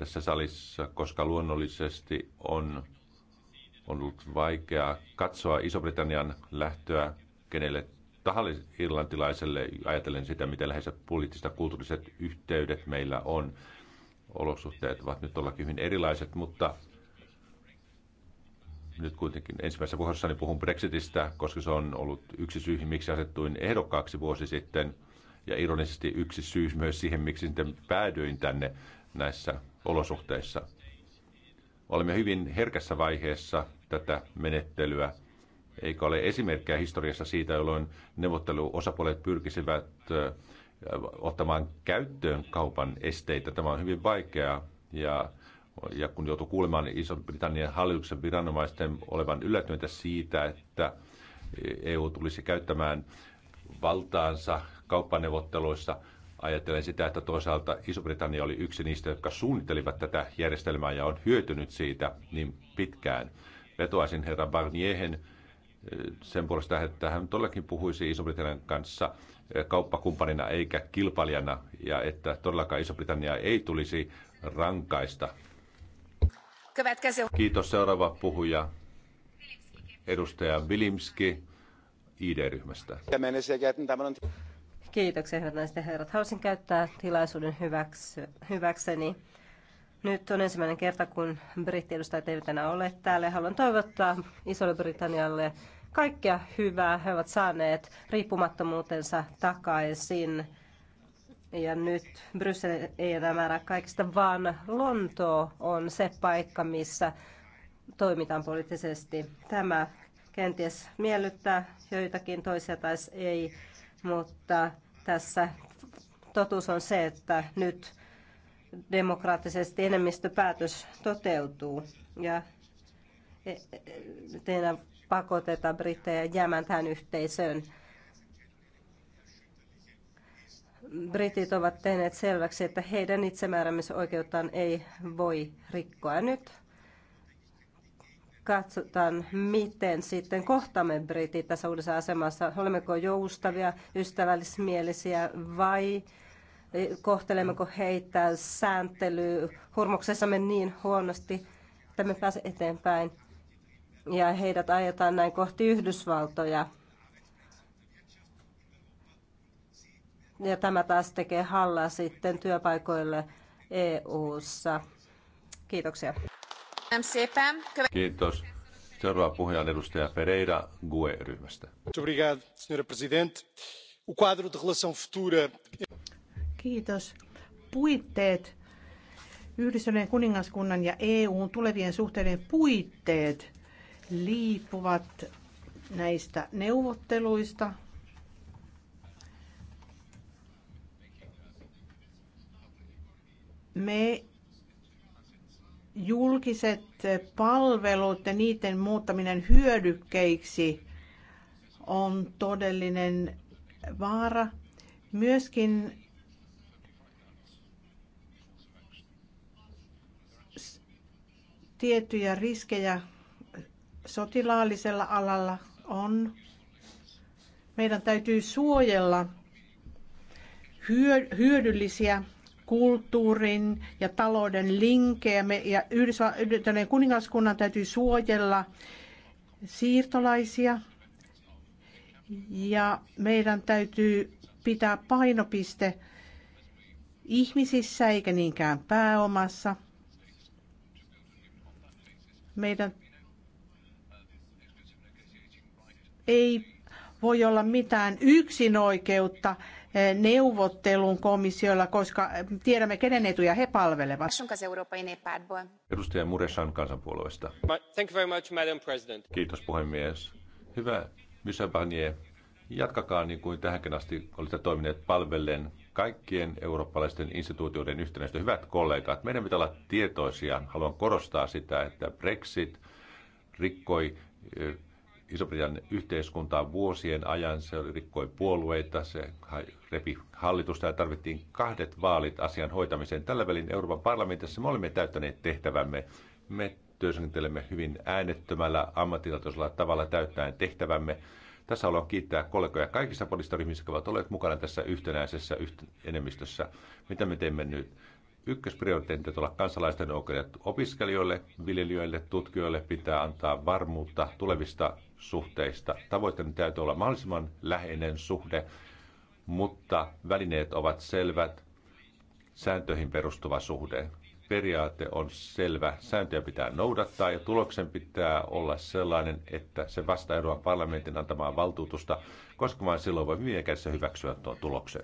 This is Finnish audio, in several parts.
tässä salissa, koska luonnollisesti on, ollut vaikeaa katsoa Iso-Britannian lähtöä kenelle tahalle irlantilaiselle, ajatellen sitä, miten läheiset poliittiset ja kulttuuriset yhteydet meillä on. Olosuhteet ovat nyt ollakin hyvin erilaiset, mutta nyt kuitenkin ensimmäisessä puheessani puhun Brexitistä, koska se on ollut yksi syy, miksi asettuin ehdokkaaksi vuosi sitten, ja ironisesti yksi syy myös siihen, miksi sitten päädyin tänne näissä olosuhteissa. Olemme hyvin herkässä vaiheessa tätä menettelyä, eikä ole esimerkkejä historiassa siitä, jolloin neuvotteluosapuolet pyrkisivät ottamaan käyttöön kaupan esteitä. Tämä on hyvin vaikeaa ja, ja kun joutuu kuulemaan Iso-Britannian hallituksen viranomaisten olevan yllätyneitä siitä, että EU tulisi käyttämään valtaansa kauppaneuvotteluissa, Ajattelen sitä, että toisaalta Iso-Britannia oli yksi niistä, jotka suunnittelivat tätä järjestelmää ja on hyötynyt siitä niin pitkään. Vetoaisin herra Barniehen eh, sen puolesta, että hän todellakin puhuisi Iso-Britannian kanssa eh, kauppakumppanina eikä kilpailijana ja että todellakaan Iso-Britannia ei tulisi rankaista. Kiitos seuraava puhuja, edustaja Vilimski ID-ryhmästä. Kiitoksia, hyvät naiset ja herrat. Haluaisin käyttää tilaisuuden hyväkseni. Nyt on ensimmäinen kerta, kun brittiedustajat eivät enää ole täällä. Haluan toivottaa Isolle Britannialle kaikkea hyvää. He ovat saaneet riippumattomuutensa takaisin. Ja nyt Bryssel ei enää määrä kaikista, vaan Lonto on se paikka, missä toimitaan poliittisesti. Tämä kenties miellyttää joitakin toisia tai ei mutta tässä totuus on se, että nyt demokraattisesti enemmistöpäätös toteutuu ja e, e, teidän pakotetaan brittejä jäämään tähän yhteisöön. Britit ovat tehneet selväksi, että heidän itsemääräämisoikeuttaan ei voi rikkoa. Nyt katsotaan, miten sitten kohtamme britit tässä uudessa asemassa. Olemmeko joustavia, ystävällismielisiä vai eh, kohtelemmeko heitä sääntely me niin huonosti, että me pääse eteenpäin ja heidät ajetaan näin kohti Yhdysvaltoja. Ja tämä taas tekee hallaa sitten työpaikoille EU:ssa. Kiitoksia. Kiitos. Seuraava puhuja on edustaja Pereira GUE-ryhmästä. Kiitos. Puitteet, Yhdistyneen kuningaskunnan ja EUn tulevien suhteiden puitteet liippuvat näistä neuvotteluista, me julkiset palvelut ja niiden muuttaminen hyödykkeiksi on todellinen vaara. Myöskin tiettyjä riskejä sotilaallisella alalla on. Meidän täytyy suojella hyödyllisiä kulttuurin ja talouden linkkejä. Me, ja Yhdysvaltain kuningaskunnan täytyy suojella siirtolaisia. Ja meidän täytyy pitää painopiste ihmisissä eikä niinkään pääomassa. Meidän ei voi olla mitään yksinoikeutta neuvottelun komissiolla, koska tiedämme, kenen etuja he palvelevat. Edustaja Muresan kansanpuolueesta. Thank you very much, Madam President. Kiitos puhemies. Hyvä Michel Barnier, jatkakaa niin kuin tähänkin asti olette toimineet palvellen kaikkien eurooppalaisten instituutioiden yhtenäistä. Hyvät kollegat, meidän pitää olla tietoisia. Haluan korostaa sitä, että Brexit rikkoi eh, Iso-Britannian yhteiskuntaa vuosien ajan. Se rikkoi puolueita, se repi hallitusta ja tarvittiin kahdet vaalit asian hoitamiseen. Tällä välin Euroopan parlamentissa me olemme täyttäneet tehtävämme. Me työskentelemme hyvin äänettömällä, ammattitaitoisella tavalla täyttäen tehtävämme. Tässä haluan kiittää kollegoja kaikista poliittisista ryhmistä, jotka ovat olleet mukana tässä yhtenäisessä enemmistössä. Mitä me teemme nyt? on olla kansalaisten oikeudet opiskelijoille, viljelijöille, tutkijoille pitää antaa varmuutta tulevista suhteista. Tavoitteena täytyy olla mahdollisimman läheinen suhde, mutta välineet ovat selvät, sääntöihin perustuva suhde. Periaate on selvä, sääntöjä pitää noudattaa ja tuloksen pitää olla sellainen, että se vastaa Euroopan parlamentin antamaa valtuutusta, koska vain silloin voi mielekässä hyväksyä tuon tuloksen.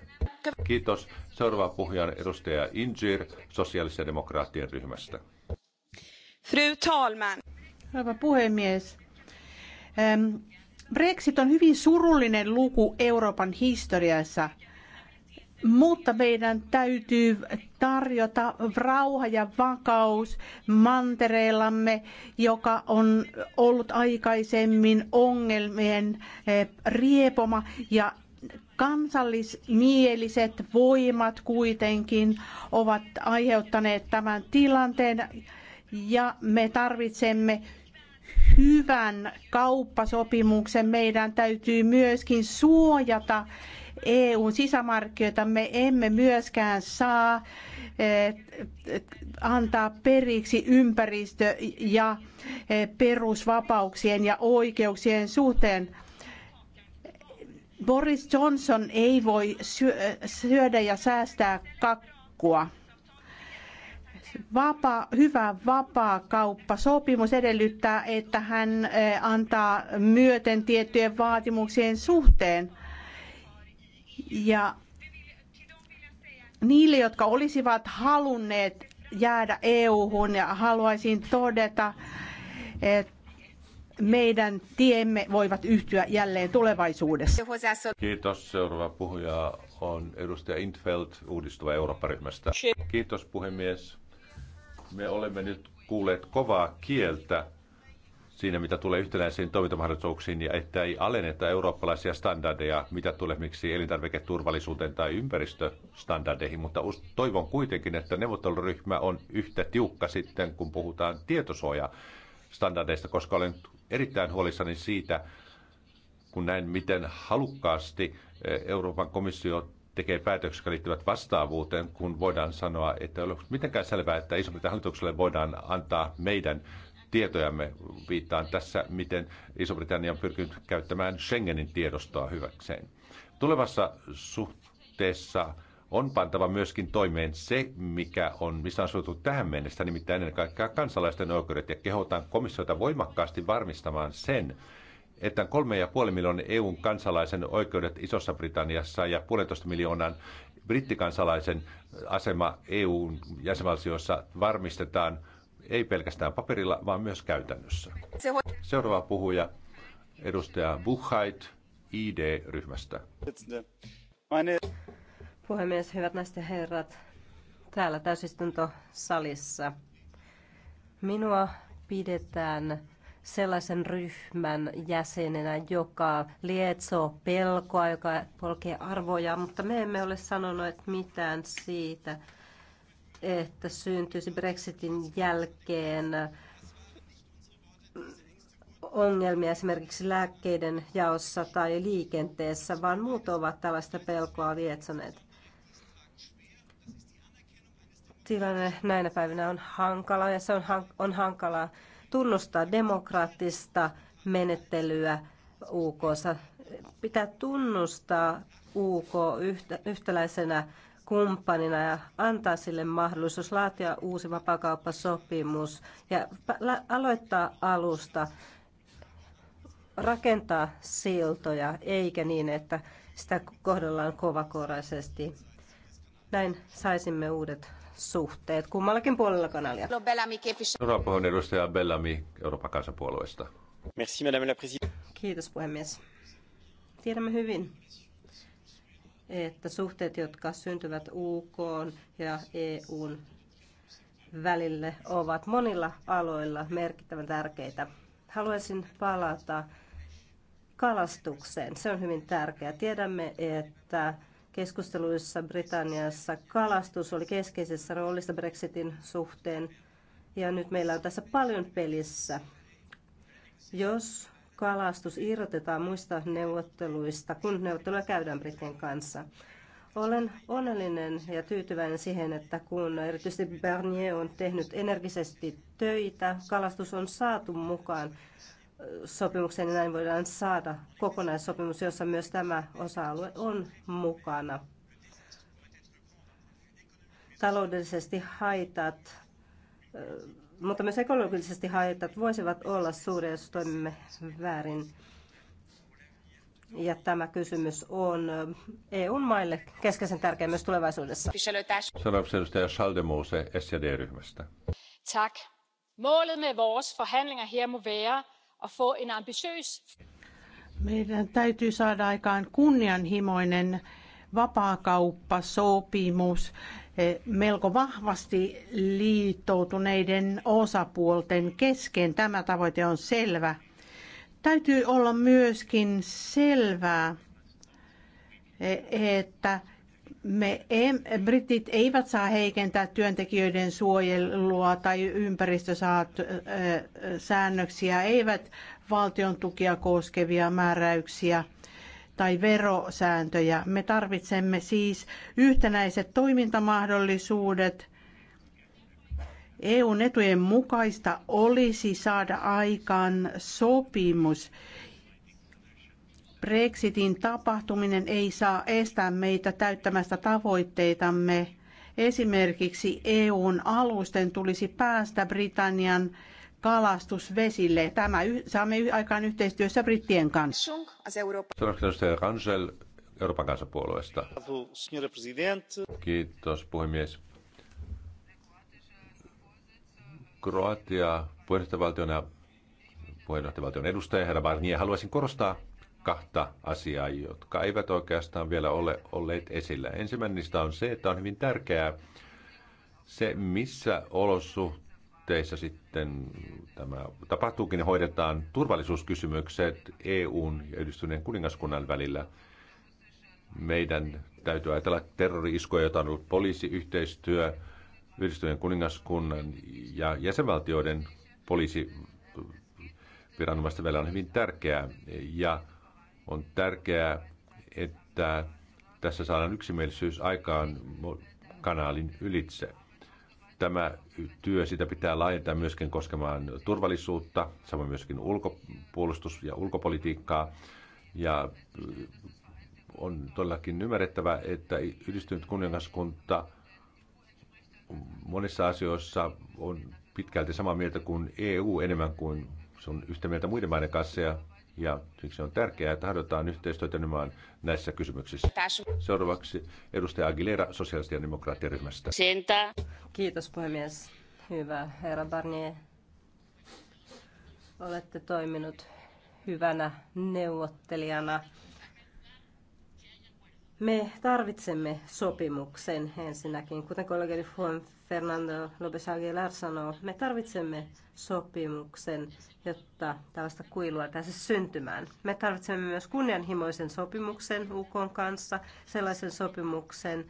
Kiitos. Seuraava puhuja on edustaja Injir sosiaalisen demokraattien ryhmästä. Fru talman. Hyvä puhemies Brexit on hyvin surullinen luku Euroopan historiassa, mutta meidän täytyy tarjota rauha ja vakaus mantereellamme, joka on ollut aikaisemmin ongelmien eh, riepoma ja kansallismieliset voimat kuitenkin ovat aiheuttaneet tämän tilanteen ja me tarvitsemme hyvän kauppasopimuksen, meidän täytyy myöskin suojata EUn sisämarkkinoita. Me emme myöskään saa eh, antaa periksi ympäristö- ja eh, perusvapauksien ja oikeuksien suhteen. Boris Johnson ei voi syödä ja säästää kakkua. Vapaa, hyvä vapaakauppasopimus edellyttää, että hän eh, antaa myöten tiettyjen vaatimuksien suhteen. Ja niille, jotka olisivat halunneet jäädä EU-hun, ja haluaisin todeta, että meidän tiemme voivat yhtyä jälleen tulevaisuudessa. Kiitos. Seuraava puhuja on edustaja Intfeld uudistuva Eurooppa-ryhmästä. Kiitos puhemies. Me olemme nyt kuulleet kovaa kieltä siinä, mitä tulee yhtenäisiin toimintamahdollisuuksiin ja että ei alenneta eurooppalaisia standardeja, mitä tulee miksi elintarviketurvallisuuteen tai ympäristöstandardeihin, mutta toivon kuitenkin, että neuvotteluryhmä on yhtä tiukka sitten, kun puhutaan tietosuojastandardeista, koska olen erittäin huolissani siitä, kun näin, miten halukkaasti eh, Euroopan komissio tekee päätöksiä, jotka liittyvät vastaavuuteen, kun voidaan sanoa, että ei ole mitenkään selvää, että iso hallitukselle voidaan antaa meidän tietojamme. Viittaan tässä, miten Iso-Britannia on pyrkinyt käyttämään Schengenin tiedostoa hyväkseen. Tulevassa suhteessa on pantava myöskin toimeen se, mikä on, missä on suotu tähän mennessä, nimittäin ennen kaikkea kansalaisten oikeudet, ja kehotan komissiota voimakkaasti varmistamaan sen, että 3,5 miljoonan EUn kansalaisen oikeudet Isossa Britanniassa ja puolentoista miljoonan brittikansalaisen asema EUn jäsenvaltioissa varmistetaan ei pelkästään paperilla, vaan myös käytännössä. Seuraava puhuja, edustaja Buchheit ID-ryhmästä. Puhemies, hyvät naiset ja herrat, täällä täysistuntosalissa. Minua pidetään sellaisen ryhmän jäsenenä, joka lietsoo pelkoa, joka polkee arvoja, mutta me emme ole sanoneet mitään siitä, että syntyisi Brexitin jälkeen ongelmia esimerkiksi lääkkeiden jaossa tai liikenteessä, vaan muut ovat tällaista pelkoa lietsoneet. Tilanne näinä päivinä on hankala ja se on, hank- on hankalaa tunnustaa demokraattista menettelyä UK. Pitää tunnustaa UK yhtä, yhtäläisenä kumppanina ja antaa sille mahdollisuus laatia uusi vapakauppasopimus ja aloittaa alusta, rakentaa siltoja, eikä niin, että sitä kohdellaan kovakoraisesti. Näin saisimme uudet suhteet kummallakin puolella kanalia. No, Euroopan edustaja Bellamy Euroopan kansanpuolueesta. Merci, madame la Kiitos puhemies. Tiedämme hyvin, että suhteet, jotka syntyvät UK ja EUn välille, ovat monilla aloilla merkittävän tärkeitä. Haluaisin palata kalastukseen. Se on hyvin tärkeää. Tiedämme, että Keskusteluissa Britanniassa kalastus oli keskeisessä roolissa Brexitin suhteen ja nyt meillä on tässä paljon pelissä. Jos kalastus irrotetaan muista neuvotteluista, kun neuvotteluja käydään Britin kanssa, olen onnellinen ja tyytyväinen siihen, että kun erityisesti Bernier on tehnyt energisesti töitä, kalastus on saatu mukaan sopimukseen, niin näin voidaan saada kokonaissopimus, jossa myös tämä osa-alue on mukana. Taloudellisesti haitat, mutta myös ekologisesti haitat voisivat olla suuria, jos toimimme väärin. Ja tämä kysymys on EUn maille keskeisen tärkeä myös tulevaisuudessa. Seuraavaksi edustaja Schaldemose scd ryhmästä Tack. Målet med vores forhandlinger her må være meidän täytyy saada aikaan kunnianhimoinen vapaakauppasopimus eh, melko vahvasti liittoutuneiden osapuolten kesken. Tämä tavoite on selvä. Täytyy olla myöskin selvää, eh, että me em, britit eivät saa heikentää työntekijöiden suojelua tai ympäristösäännöksiä, eivät valtion tukia koskevia määräyksiä tai verosääntöjä. Me tarvitsemme siis yhtenäiset toimintamahdollisuudet. EUn etujen mukaista olisi saada aikaan sopimus, Brexitin tapahtuminen ei saa estää meitä täyttämästä tavoitteitamme. Esimerkiksi EUn alusten tulisi päästä Britannian kalastusvesille. Tämä saamme aikaan yhteistyössä brittien kanssa. Seuraavaksi edustaja Ransel Euroopan kansanpuolueesta. Kiitos puhemies. Kroatia puheenjohtajavaltiona puheenjohtajavaltion edustaja herra Barnier. Haluaisin korostaa kahta asiaa, jotka eivät oikeastaan vielä ole olleet esillä. Ensimmäinen niistä on se, että on hyvin tärkeää se, missä olosuhteissa sitten tämä tapahtuukin ja hoidetaan turvallisuuskysymykset EUn ja yhdistyneen kuningaskunnan välillä. Meidän täytyy ajatella terrori-iskoja, joita on ollut poliisiyhteistyö, yhdistyneen kuningaskunnan ja jäsenvaltioiden poliisi viranomaisten välillä on hyvin tärkeää. Ja on tärkeää, että tässä saadaan yksimielisyys aikaan kanaalin ylitse. Tämä työ, sitä pitää laajentaa myöskin koskemaan turvallisuutta, samoin myöskin ulkopuolustus- ja ulkopolitiikkaa. Ja äh, on todellakin ymmärrettävä, että yhdistynyt kuningaskunta monissa asioissa on pitkälti samaa mieltä kuin EU enemmän kuin se on yhtä mieltä muiden maiden kanssa ja ja siksi on tärkeää, että harjoitetaan yhteistyötä nimenomaan näissä kysymyksissä. Seuraavaksi edustaja Aguilera sosiaalisten ja demokraattien ryhmästä. Kiitos puhemies. Hyvä herra Barnier. Olette toiminut hyvänä neuvottelijana me tarvitsemme sopimuksen ensinnäkin. Kuten kollega Juan Fernando López Aguilar sanoo, me tarvitsemme sopimuksen, jotta tällaista kuilua pääsisi syntymään. Me tarvitsemme myös kunnianhimoisen sopimuksen UK kanssa, sellaisen sopimuksen,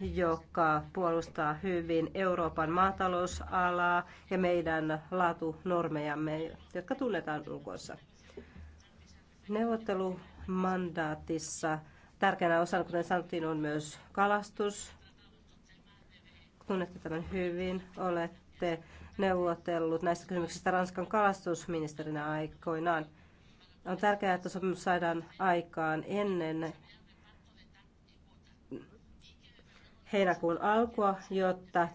joka puolustaa hyvin Euroopan maatalousalaa ja meidän laatunormejamme, jotka tunnetaan UKssa. Neuvottelumandaatissa Tärkeänä osana, kuten sanottiin, on myös kalastus. Tunnette tämän hyvin. Olette neuvotellut näistä kysymyksistä Ranskan kalastusministerinä aikoinaan. On tärkeää, että sopimus saadaan aikaan ennen heinäkuun alkua, jotta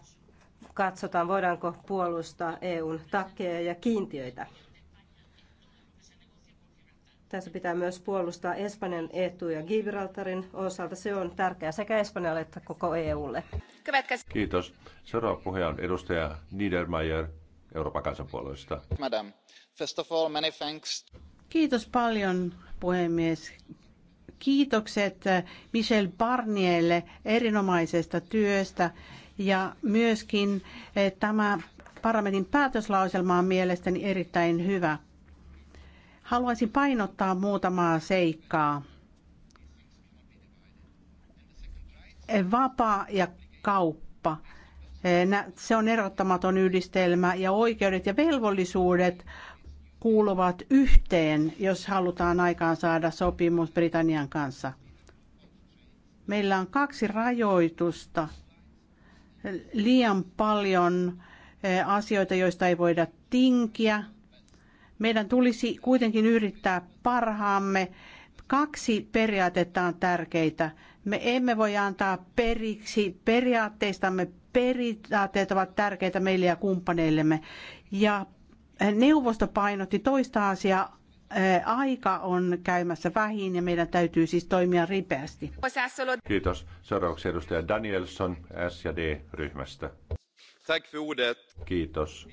katsotaan, voidaanko puolustaa EUn takkeja ja kiintiöitä. Tässä pitää myös puolustaa Espanjan etuja Gibraltarin osalta. Se on tärkeää sekä Espanjalle että koko EUlle. Kiitos. Seuraava puhe on edustaja Niedermayer Euroopan kansanpuolueesta. Madam, first of all, many thanks. Kiitos paljon, puhemies. Kiitokset eh, Michel Barnierlle erinomaisesta työstä ja myöskin eh, tämä parlamentin päätöslauselma on mielestäni erittäin hyvä Haluaisin painottaa muutamaa seikkaa. Vapaa ja kauppa. Se on erottamaton yhdistelmä ja oikeudet ja velvollisuudet kuuluvat yhteen, jos halutaan aikaan saada sopimus Britannian kanssa. Meillä on kaksi rajoitusta. Liian paljon eh, asioita, joista ei voida tinkiä – meidän tulisi kuitenkin yrittää parhaamme. Kaksi periaatetta on tärkeitä. Me emme voi antaa periksi periaatteistamme. Periaatteet ovat tärkeitä meille ja kumppaneillemme. Ja neuvosto painotti toista asiaa. Äh, aika on käymässä vähin ja meidän täytyy siis toimia ripeästi. Kiitos. Seuraavaksi edustaja Danielson S&D-ryhmästä. Kiitos.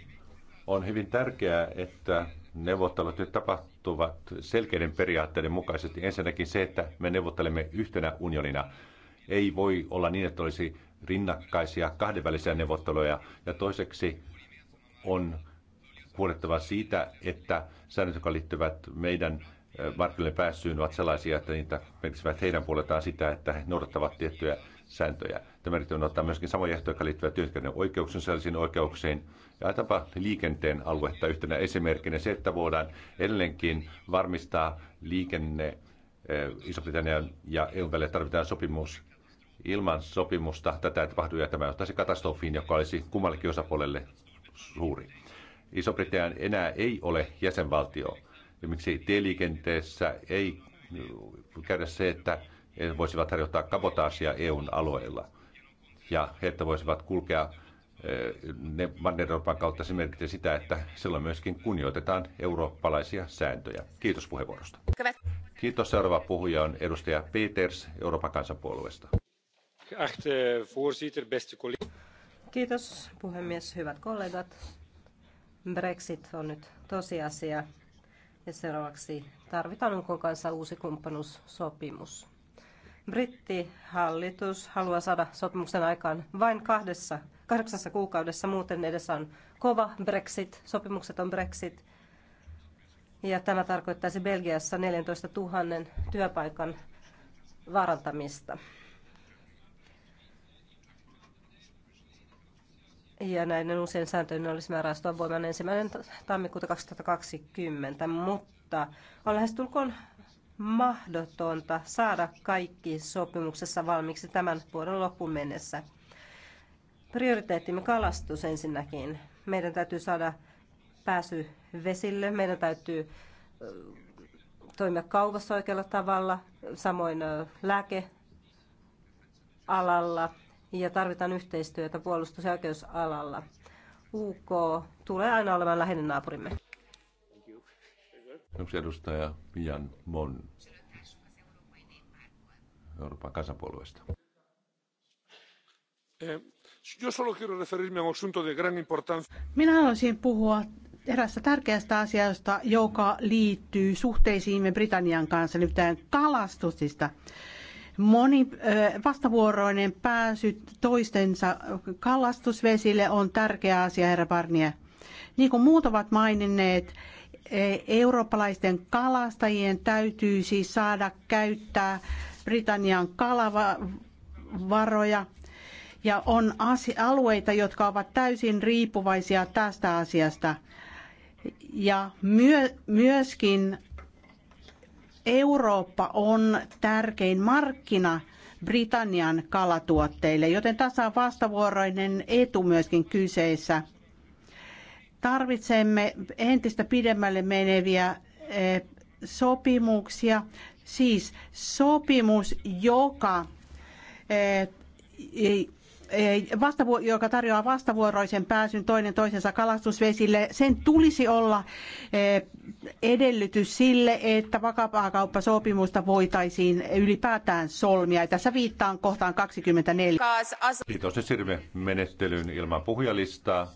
On hyvin tärkeää, että neuvottelut nyt tapahtuvat selkeiden periaatteiden mukaisesti. Ensinnäkin se, että me neuvottelemme yhtenä unionina. Ei voi olla niin, että olisi rinnakkaisia kahdenvälisiä neuvotteluja. Ja toiseksi on huolettava siitä, että säännöt, jotka liittyvät meidän markkinoille pääsyyn, ovat sellaisia, että niitä merkitsevät heidän puoletaan sitä, että he noudattavat tiettyjä sääntöjä. Tämä on ottaa myöskin samoja ehtoja, jotka liittyvät työntekijöiden oikeuksiin, oikeuksiin, ja ajatapa liikenteen aluetta yhtenä esimerkkinä se, että voidaan edelleenkin varmistaa liikenne eh, Iso-Britannian ja EUn välillä tarvitaan sopimus. Ilman sopimusta tätä ei tapahdu ja tämä johtaisi katastrofiin, joka olisi kummallekin osapuolelle suuri. Iso-Britannian enää ei ole jäsenvaltio. Ja miksi tieliikenteessä ei käydä se, että voisivat harjoittaa kabotaasia EUn alueella ja he, että voisivat kulkea ne manner kautta se merkitsee sitä, että silloin myöskin kunnioitetaan eurooppalaisia sääntöjä. Kiitos puheenvuorosta. Kiitos. Seuraava puhuja on edustaja Peters Euroopan kansanpuolueesta. Kiitos puhemies, hyvät kollegat. Brexit on nyt tosiasia ja seuraavaksi tarvitaan UK kanssa uusi kumppanuussopimus. Brittihallitus haluaa saada sopimuksen aikaan vain kahdessa, kahdeksassa kuukaudessa, muuten edessä on kova Brexit, sopimukset on Brexit. Ja tämä tarkoittaisi Belgiassa 14 000 työpaikan vaarantamista. Ja näiden uusien sääntöjen olisi määrä astua voimaan ensimmäinen tammikuuta 2020, mutta on lähes tulkoon mahdotonta saada kaikki sopimuksessa valmiiksi tämän vuoden loppuun mennessä. Prioriteettimme kalastus ensinnäkin. Meidän täytyy saada pääsy vesille, meidän täytyy toimia kaupassa oikealla tavalla, samoin lääkealalla ja tarvitaan yhteistyötä puolustus- ja oikeusalalla. UK tulee aina olemaan läheinen naapurimme. Onko edustaja Pian Mon Euroopan kansanpuolueesta? Eh, Minä haluaisin puhua erästä tärkeästä asiasta, joka liittyy suhteisiimme Britannian kanssa, tämän kalastusista. Moni eh, vastavuoroinen pääsy toistensa kalastusvesille on tärkeä asia, herra Barnier. Niin kuin muut ovat maininneet, Eurooppalaisten kalastajien täytyisi siis saada käyttää Britannian kalavaroja ja on alueita, jotka ovat täysin riippuvaisia tästä asiasta. Ja myöskin Eurooppa on tärkein markkina Britannian kalatuotteille, joten tässä on vastavuoroinen etu myöskin kyseessä. Tarvitsemme entistä pidemmälle meneviä eh, sopimuksia, siis sopimus, joka eh, vastavu- joka tarjoaa vastavuoroisen pääsyn toinen toisensa kalastusvesille, sen tulisi olla eh, edellytys sille, että vakapaakauppasopimusta voitaisiin ylipäätään solmia. Ja tässä viittaan kohtaan 24. Kiitos ja sirve menettelyyn ilman puhujalistaa.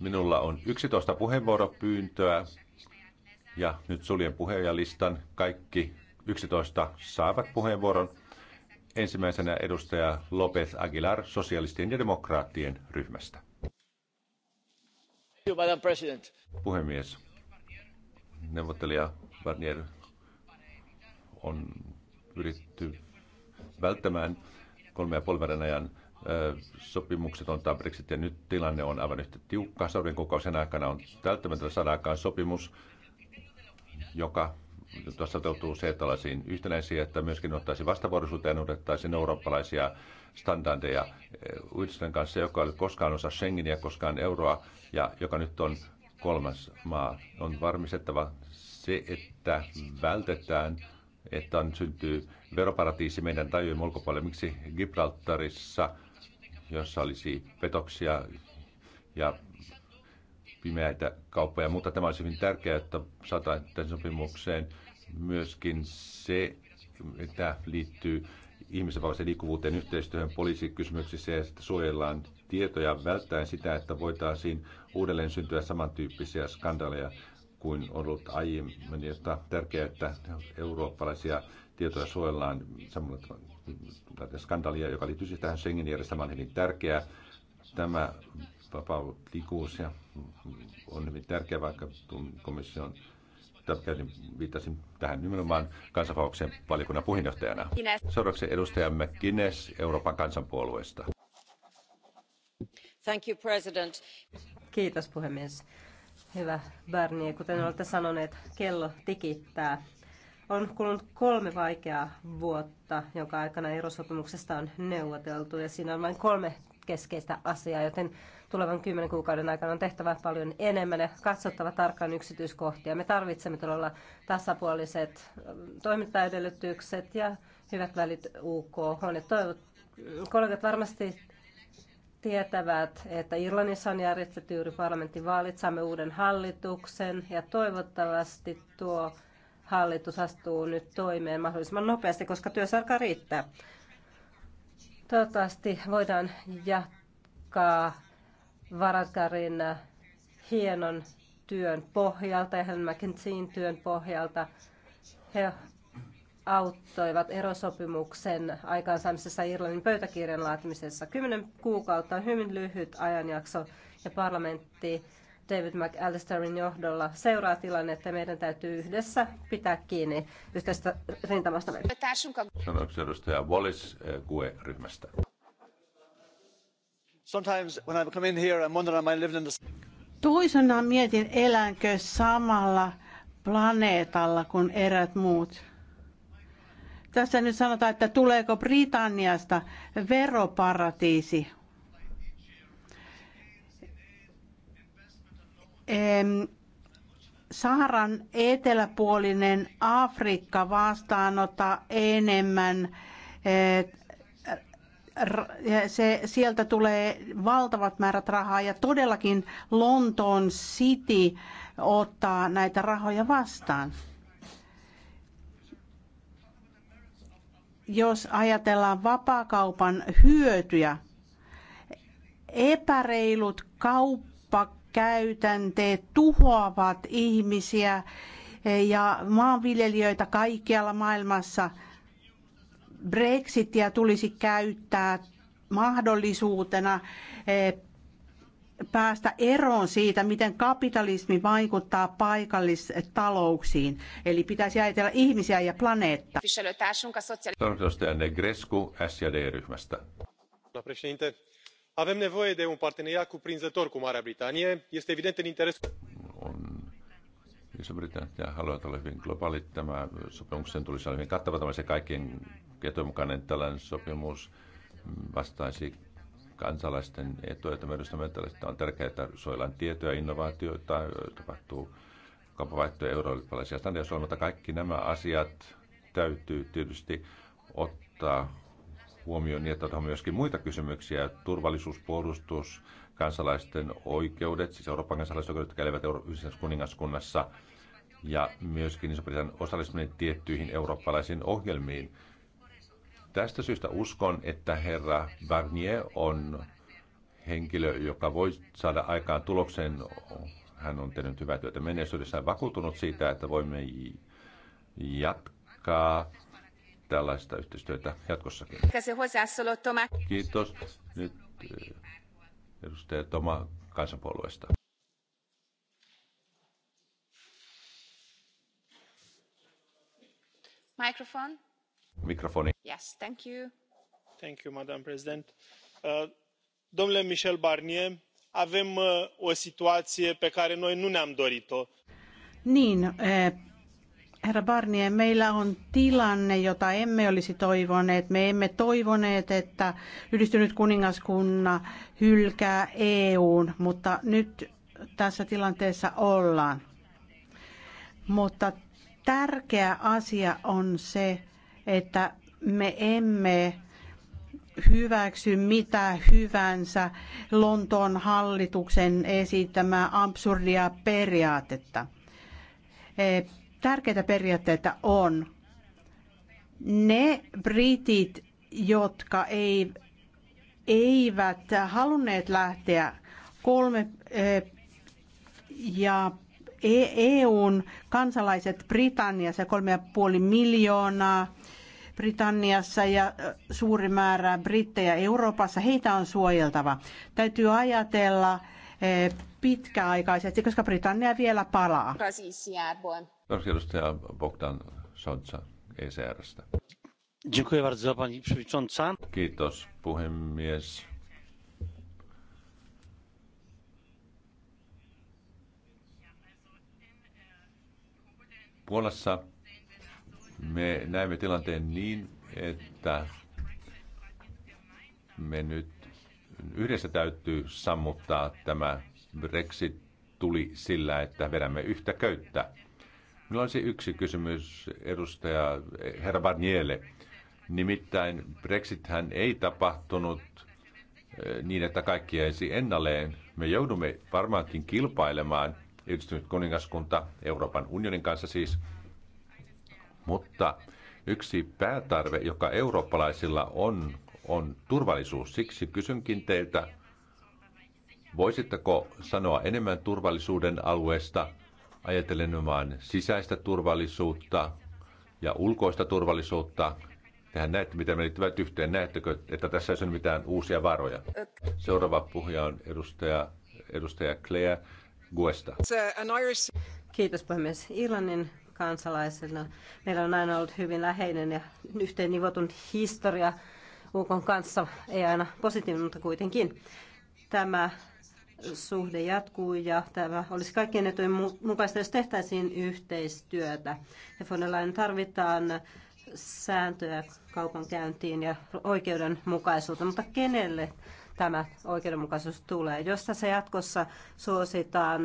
Minulla on 11 puheenvuoropyyntöä ja nyt suljen puheenjalistan. Kaikki 11 saavat puheenvuoron. Ensimmäisenä edustaja López Aguilar sosialistien ja demokraattien ryhmästä. Puhemies, neuvottelija Barnier on yrittänyt välttämään kolme ja puolen ajan sopimukset on Brexit ja nyt tilanne on aivan yhtä tiukka. Seuraavien kuukausien aikana on välttämätöntä saada aikaan sopimus, joka tuossa toteutuu se, että olisiin yhtenäisiä, että myöskin ottaisi vastavuoroisuutta ja noudattaisiin eurooppalaisia standardeja Yhdysvallan kanssa, joka ei koskaan osa Schengeniä, koskaan euroa ja joka nyt on kolmas maa. On varmistettava se, että vältetään että on syntyy veroparatiisi meidän tajujen ulkopuolelle. Miksi Gibraltarissa jossa olisi petoksia ja pimeitä kauppoja, mutta tämä olisi hyvin tärkeää, että saataisiin tämän sopimukseen myöskin se, mitä liittyy ihmisen vapaaseen liikkuvuuteen, yhteistyöhön, poliisikysymyksissä ja sitten suojellaan tietoja välttäen sitä, että voitaisiin uudelleen syntyä samantyyppisiä skandaaleja kuin on ollut aiemmin, että on tärkeää, että eurooppalaisia tietoja suojellaan. Tämä skandalia, joka liittyy siis tähän Schengenin järjestelmään, on hyvin tärkeää. Tämä vapaa liikkuvuus on hyvin tärkeä, vaikka komission viittasin tähän nimenomaan kansanvauksen valiokunnan puheenjohtajana. Seuraavaksi edustajamme Kines, Euroopan kansanpuolueesta. Thank you, President. Kiitos puhemies. Hyvä Bernie, kuten olette sanoneet, kello tikittää. On kulunut kolme vaikeaa vuotta, jonka aikana erosopimuksesta on neuvoteltu ja siinä on vain kolme keskeistä asiaa, joten tulevan kymmenen kuukauden aikana on tehtävä paljon enemmän ja katsottava tarkkaan yksityiskohtia. Me tarvitsemme todella tasapuoliset toimintaedellytykset ja hyvät välit UK. Ja toivot, kollegat varmasti tietävät, että Irlannissa on järjestetty juuri parlamenttivaalit, saamme uuden hallituksen ja toivottavasti tuo hallitus astuu nyt toimeen mahdollisimman nopeasti, koska työsarka riittää. Toivottavasti voidaan jatkaa Varakarin hienon työn pohjalta ja Helen McKinseyin työn pohjalta. He auttoivat erosopimuksen aikaansaamisessa Irlannin pöytäkirjan laatimisessa. Kymmenen kuukautta on hyvin lyhyt ajanjakso ja parlamentti David McAllisterin johdolla seuraa tilannetta ja meidän täytyy yhdessä pitää kiinni yhteistä rintamasta. Sanoksi edustaja Wallis QE-ryhmästä. Eh, Sometimes when I come in here, I'm wondering am I living in the... Toisena mietin, elänkö samalla planeetalla kuin erät muut. Tässä nyt sanotaan, että tuleeko Britanniasta veroparatiisi. Saharan eteläpuolinen Afrikka vastaanota enemmän. Eh, se, sieltä tulee valtavat määrät rahaa ja todellakin Lontoon City ottaa näitä rahoja vastaan. jos ajatellaan vapaakaupan hyötyjä, epäreilut kauppakäytänteet tuhoavat ihmisiä ja maanviljelijöitä kaikkialla maailmassa. Brexitia tulisi käyttää mahdollisuutena eh, päästä eroon siitä, miten kapitalismi vaikuttaa paikallistalouksiin. Eli pitäisi ajatella ihmisiä ja planeetta. Tarkastaja Negrescu SJD-ryhmästä. Avem nevoie de un parteneriat cuprinzător cu Marea Britanie. Este evident în interesul... Iso-Britannia haluaa olla hyvin globaali. Tämä sopimuksen tulisi olla hyvin kattava se kaikkien tietojen mukainen tällainen sopimus vastaisi kansalaisten etuja, että me edustamme, että on tärkeää, että suojellaan tietoja, innovaatioita, tapahtuu kauppavaihtoja, eurooppalaisia standardeja, mutta kaikki nämä asiat täytyy tietysti ottaa huomioon niin, että on myöskin muita kysymyksiä, turvallisuus, puolustus, kansalaisten oikeudet, siis Euroopan kansalaiset oikeudet, jotka elävät kuningaskunnassa, ja myöskin iso osallistuminen tiettyihin eurooppalaisiin ohjelmiin. Tästä syystä uskon, että herra Barnier on henkilö, joka voi saada aikaan tuloksen. Hän on tehnyt hyvää työtä menneisyydessä vakuutunut siitä, että voimme jatkaa tällaista yhteistyötä jatkossakin. Kiitos. Nyt eh, edustaja Toma kansanpuolueesta. Microphone doamnă președintă uh, domnule Michel Barnier, avem uh, o situație pe care noi nu ne-am dorit-o. Niin, eh, herra Barnier, meillä on tilanne, jota emme olisi toivoneet. Me emme toivoneet, että yhdistynyt kuningaskunta hylkää EUn, mutta nyt tässä tilanteessa ollaan. Mutta tärkeä asia on se, että me emme hyväksy mitä hyvänsä Lontoon hallituksen esittämää absurdia periaatetta. E, tärkeitä periaatteita on ne britit, jotka ei, eivät halunneet lähteä kolme e, ja EUn e kansalaiset Britanniassa kolme ja puoli miljoonaa Britanniassa ja äh, suuri määrä brittejä Euroopassa, heitä on suojeltava. Täytyy ajatella äh, pitkäaikaisesti, koska Britannia vielä palaa. Kiitos edustaja Bogdan Sontsa ECRstä. Kiitos puhemies. Puolassa me näemme tilanteen niin, että me nyt yhdessä täytyy sammuttaa tämä Brexit tuli sillä, että vedämme yhtä köyttä. Minulla olisi yksi kysymys edustaja eh, herra Barnielle. Nimittäin Brexithän ei tapahtunut eh, niin, että kaikki jäisi ennalleen. Me joudumme varmaankin kilpailemaan yhdistynyt kuningaskunta Euroopan unionin kanssa siis – mutta yksi päätarve, joka eurooppalaisilla on, on turvallisuus. Siksi kysynkin teiltä, voisitteko sanoa enemmän turvallisuuden alueesta, ajatellen vain sisäistä turvallisuutta ja ulkoista turvallisuutta, Tehän näette, miten me liittyvät yhteen. Näettekö, että tässä ei ole mitään uusia varoja? Seuraava puhuja on edustaja, edustaja Claire Guesta. Uh, Kiitos puhemies. Irlannin kansalaisena. Meillä on aina ollut hyvin läheinen ja yhteen nivotun historia UK kanssa, ei aina positiivinen, mutta kuitenkin. Tämä suhde jatkuu ja tämä olisi kaikkien etujen mukaista, jos tehtäisiin yhteistyötä. Ja Fonelain tarvitaan sääntöjä kaupankäyntiin ja oikeudenmukaisuutta, mutta kenelle tämä oikeudenmukaisuus tulee. Jos tässä jatkossa suositaan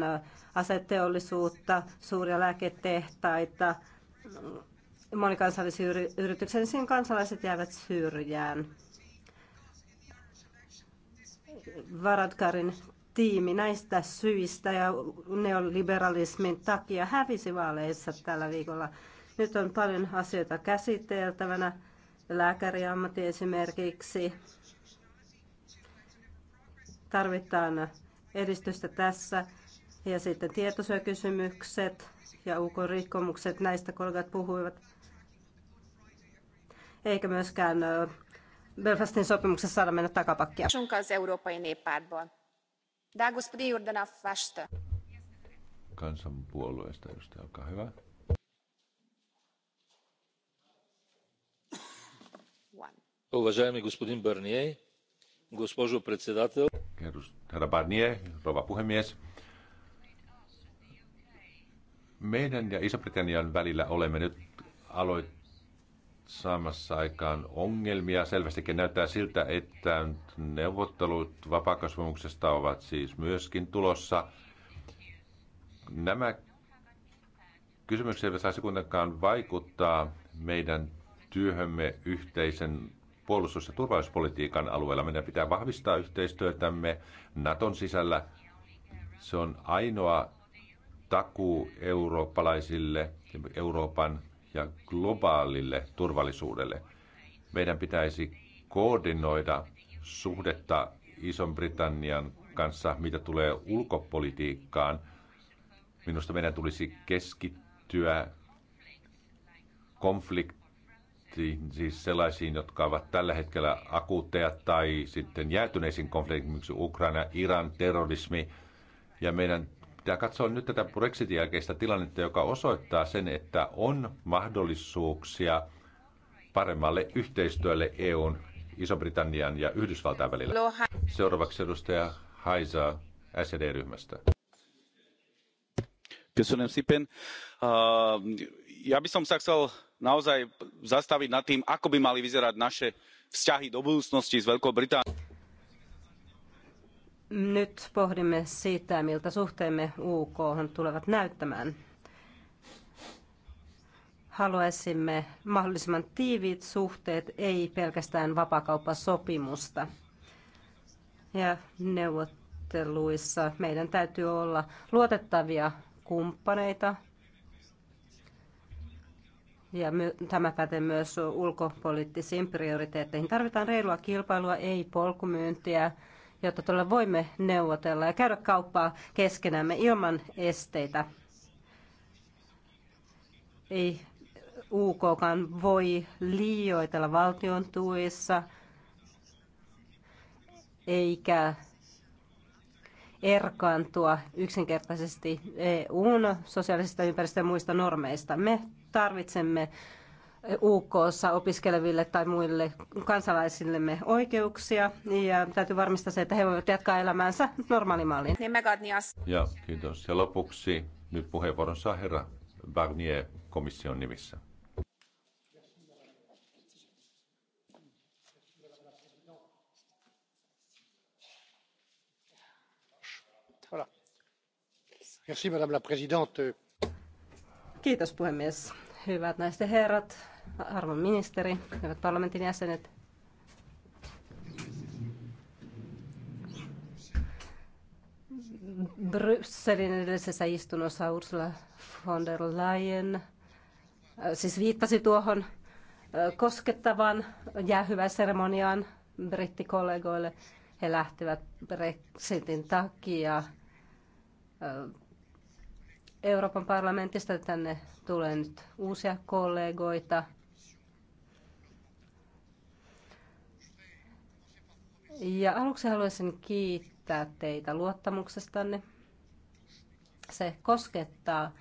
aseteollisuutta, suuria lääketehtaita, monikansallisia yrityksiä, niin kansalaiset jäävät syrjään. Varadkarin tiimi näistä syistä ja neoliberalismin takia hävisi vaaleissa tällä viikolla. Nyt on paljon asioita käsiteltävänä, lääkäriammatti esimerkiksi. Tarvitaan edistystä tässä. Ja sitten tietosyökysymykset ja UK-rikkomukset, näistä kollegat puhuivat. Eikä myöskään Belfastin sopimuksessa saada mennä takapakkia. Kansanpuolueesta edustaja, olkaa hyvä. Уважаеми господин Барние, госпожо председател, herra Barnier, rova puhemies. Meidän ja Iso-Britannian välillä olemme nyt aloittaneet saamassa aikaan ongelmia. Selvästikin näyttää siltä, että neuvottelut vapaakasvumuksesta ovat siis myöskin tulossa. Nämä kysymykset eivät saisi kuitenkaan vaikuttaa meidän työhömme yhteisen puolustus- ja turvallisuuspolitiikan alueella. Meidän pitää vahvistaa yhteistyötämme Naton sisällä. Se on ainoa takuu eurooppalaisille, Euroopan ja globaalille turvallisuudelle. Meidän pitäisi koordinoida suhdetta iso britannian kanssa, mitä tulee ulkopolitiikkaan. Minusta meidän tulisi keskittyä konflikti Siis, siis sellaisiin, jotka ovat tällä hetkellä akuutteja tai sitten jäätyneisiin konflikteihin, esimerkiksi Ukraina, Iran, terrorismi. Ja meidän pitää katsoa nyt tätä Brexitin jälkeistä tilannetta, joka osoittaa sen, että on mahdollisuuksia paremmalle yhteistyölle EUn, Iso-Britannian ja Yhdysvaltain välillä. Seuraavaksi edustaja Haisa SED-ryhmästä. Köszönöm szépen. Uh, ja bisom saksal naozaj zastaviť nad tým ako by mali vyzerať naše vzťahy do budúcnosti s Veľkou Britániou. Nyt pohdimme sitä, miltä suhteemme UK tulevat näyttämään. Haluaisimme mahdollisimman tiiviit suhteet, ei pelkästään vapakauppasopimusta. Ja neuvotteluissa meidän täytyy olla luotettavia kumppaneita, ja my, tämä pätee myös ulkopoliittisiin prioriteetteihin. Tarvitaan reilua kilpailua, ei polkumyyntiä, jotta tuolla voimme neuvotella ja käydä kauppaa keskenämme ilman esteitä. Ei UKkaan voi liioitella valtion tuissa, eikä erkaantua yksinkertaisesti EUn sosiaalisista ympäristö- ja muista normeista. Me tarvitsemme UKssa opiskeleville tai muille kansalaisillemme oikeuksia ja täytyy varmistaa se, että he voivat jatkaa elämäänsä normaalimalliin. Niin, ja kiitos. Ja lopuksi nyt puheenvuoron saa herra Barnier komission nimissä. Kiitos puhemies. Hyvät naiset ja herrat, arvon ministeri, hyvät parlamentin jäsenet. Brysselin edellisessä istunnossa Ursula von der Leyen äh, siis viittasi tuohon äh, koskettavan jäähyväseremoniaan brittikollegoille. He lähtivät Brexitin takia äh, Euroopan parlamentista. Tänne tulee nyt uusia kollegoita. Ja aluksi haluaisin kiittää teitä luottamuksestanne. Se koskettaa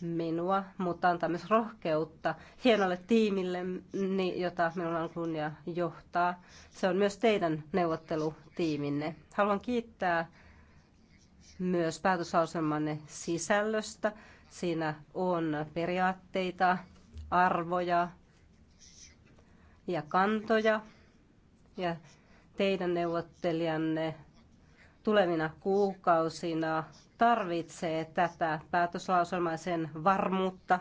minua, mutta antaa myös rohkeutta hienolle tiimille, jota minulla on kunnia johtaa. Se on myös teidän neuvottelutiiminne. Haluan kiittää myös päätöslauselmanne sisällöstä. Siinä on periaatteita, arvoja ja kantoja. Ja teidän neuvottelijanne tulevina kuukausina tarvitsee tätä päätöslauselmaa sen varmuutta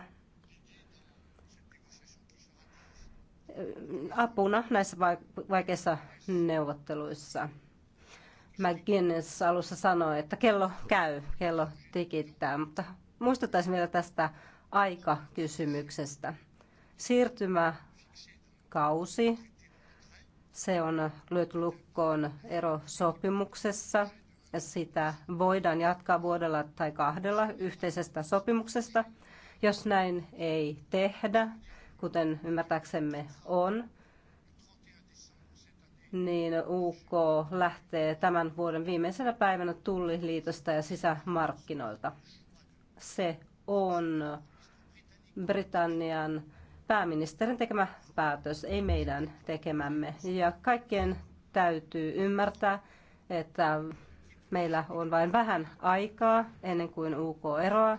apuna näissä vaikeissa neuvotteluissa. McGinnis alussa sanoi, että kello käy, kello tikittää, mutta muistuttaisin vielä tästä aikakysymyksestä. Siirtymäkausi, se on lyöty lukkoon erosopimuksessa ja sitä voidaan jatkaa vuodella tai kahdella yhteisestä sopimuksesta. Jos näin ei tehdä, kuten ymmärtääksemme on, niin UK lähtee tämän vuoden viimeisenä päivänä tulliliitosta ja sisämarkkinoilta. Se on Britannian pääministerin tekemä päätös, ei meidän tekemämme. Ja kaikkien täytyy ymmärtää, että meillä on vain vähän aikaa ennen kuin UK eroaa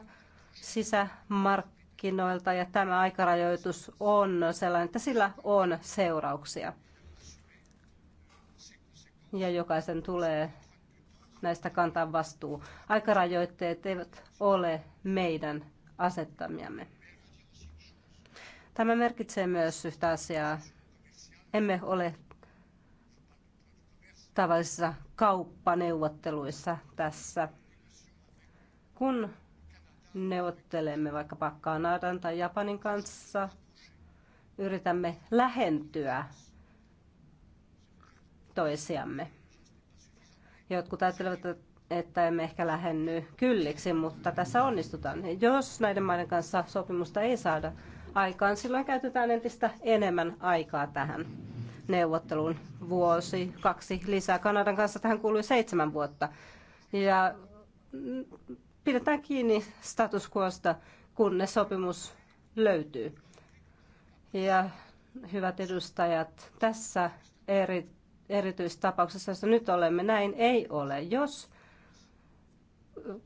sisämarkkinoilta ja tämä aikarajoitus on sellainen, että sillä on seurauksia ja jokaisen tulee näistä kantaa vastuu. Aikarajoitteet eivät ole meidän asettamiamme. Tämä merkitsee myös yhtä asiaa. Emme ole tavallisissa kauppaneuvotteluissa tässä. Kun neuvottelemme vaikkapa Kanadan tai Japanin kanssa, yritämme lähentyä toisiamme. Jotkut ajattelevat, että emme ehkä lähenny kylliksi, mutta tässä onnistutaan. Jos näiden maiden kanssa sopimusta ei saada aikaan, silloin käytetään entistä enemmän aikaa tähän neuvotteluun. Vuosi, kaksi lisää. Kanadan kanssa tähän kuului seitsemän vuotta. Ja pidetään kiinni status quosta, kunnes sopimus löytyy. Ja hyvät edustajat, tässä eri erityistapauksessa, jossa nyt olemme, näin ei ole. Jos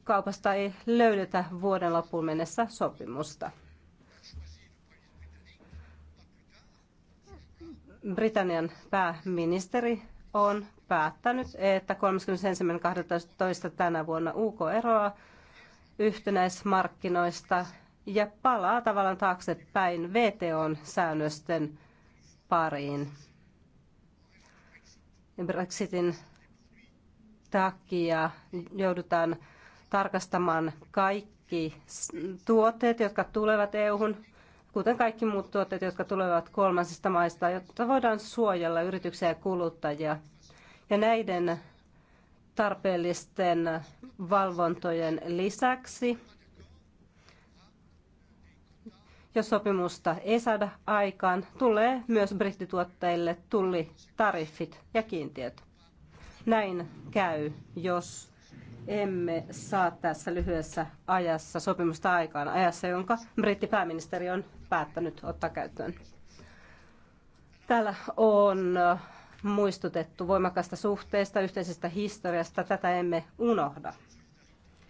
kaupasta ei löydetä vuoden loppuun mennessä sopimusta. Britannian pääministeri on päättänyt, että 31.12. tänä vuonna UK eroaa yhtenäismarkkinoista ja palaa tavallaan taaksepäin VTOn säännösten pariin. Brexitin takia joudutaan tarkastamaan kaikki tuotteet, jotka tulevat EU-hun, kuten kaikki muut tuotteet, jotka tulevat kolmansista maista, jotta voidaan suojella yrityksiä ja kuluttajia. Ja näiden tarpeellisten valvontojen lisäksi jos sopimusta ei saada aikaan, tulee myös brittituotteille tulli tariffit ja kiintiöt. Näin käy, jos emme saa tässä lyhyessä ajassa sopimusta aikaan, ajassa, jonka brittipääministeri on päättänyt ottaa käyttöön. Täällä on muistutettu voimakkaista suhteista, yhteisestä historiasta. Tätä emme unohda,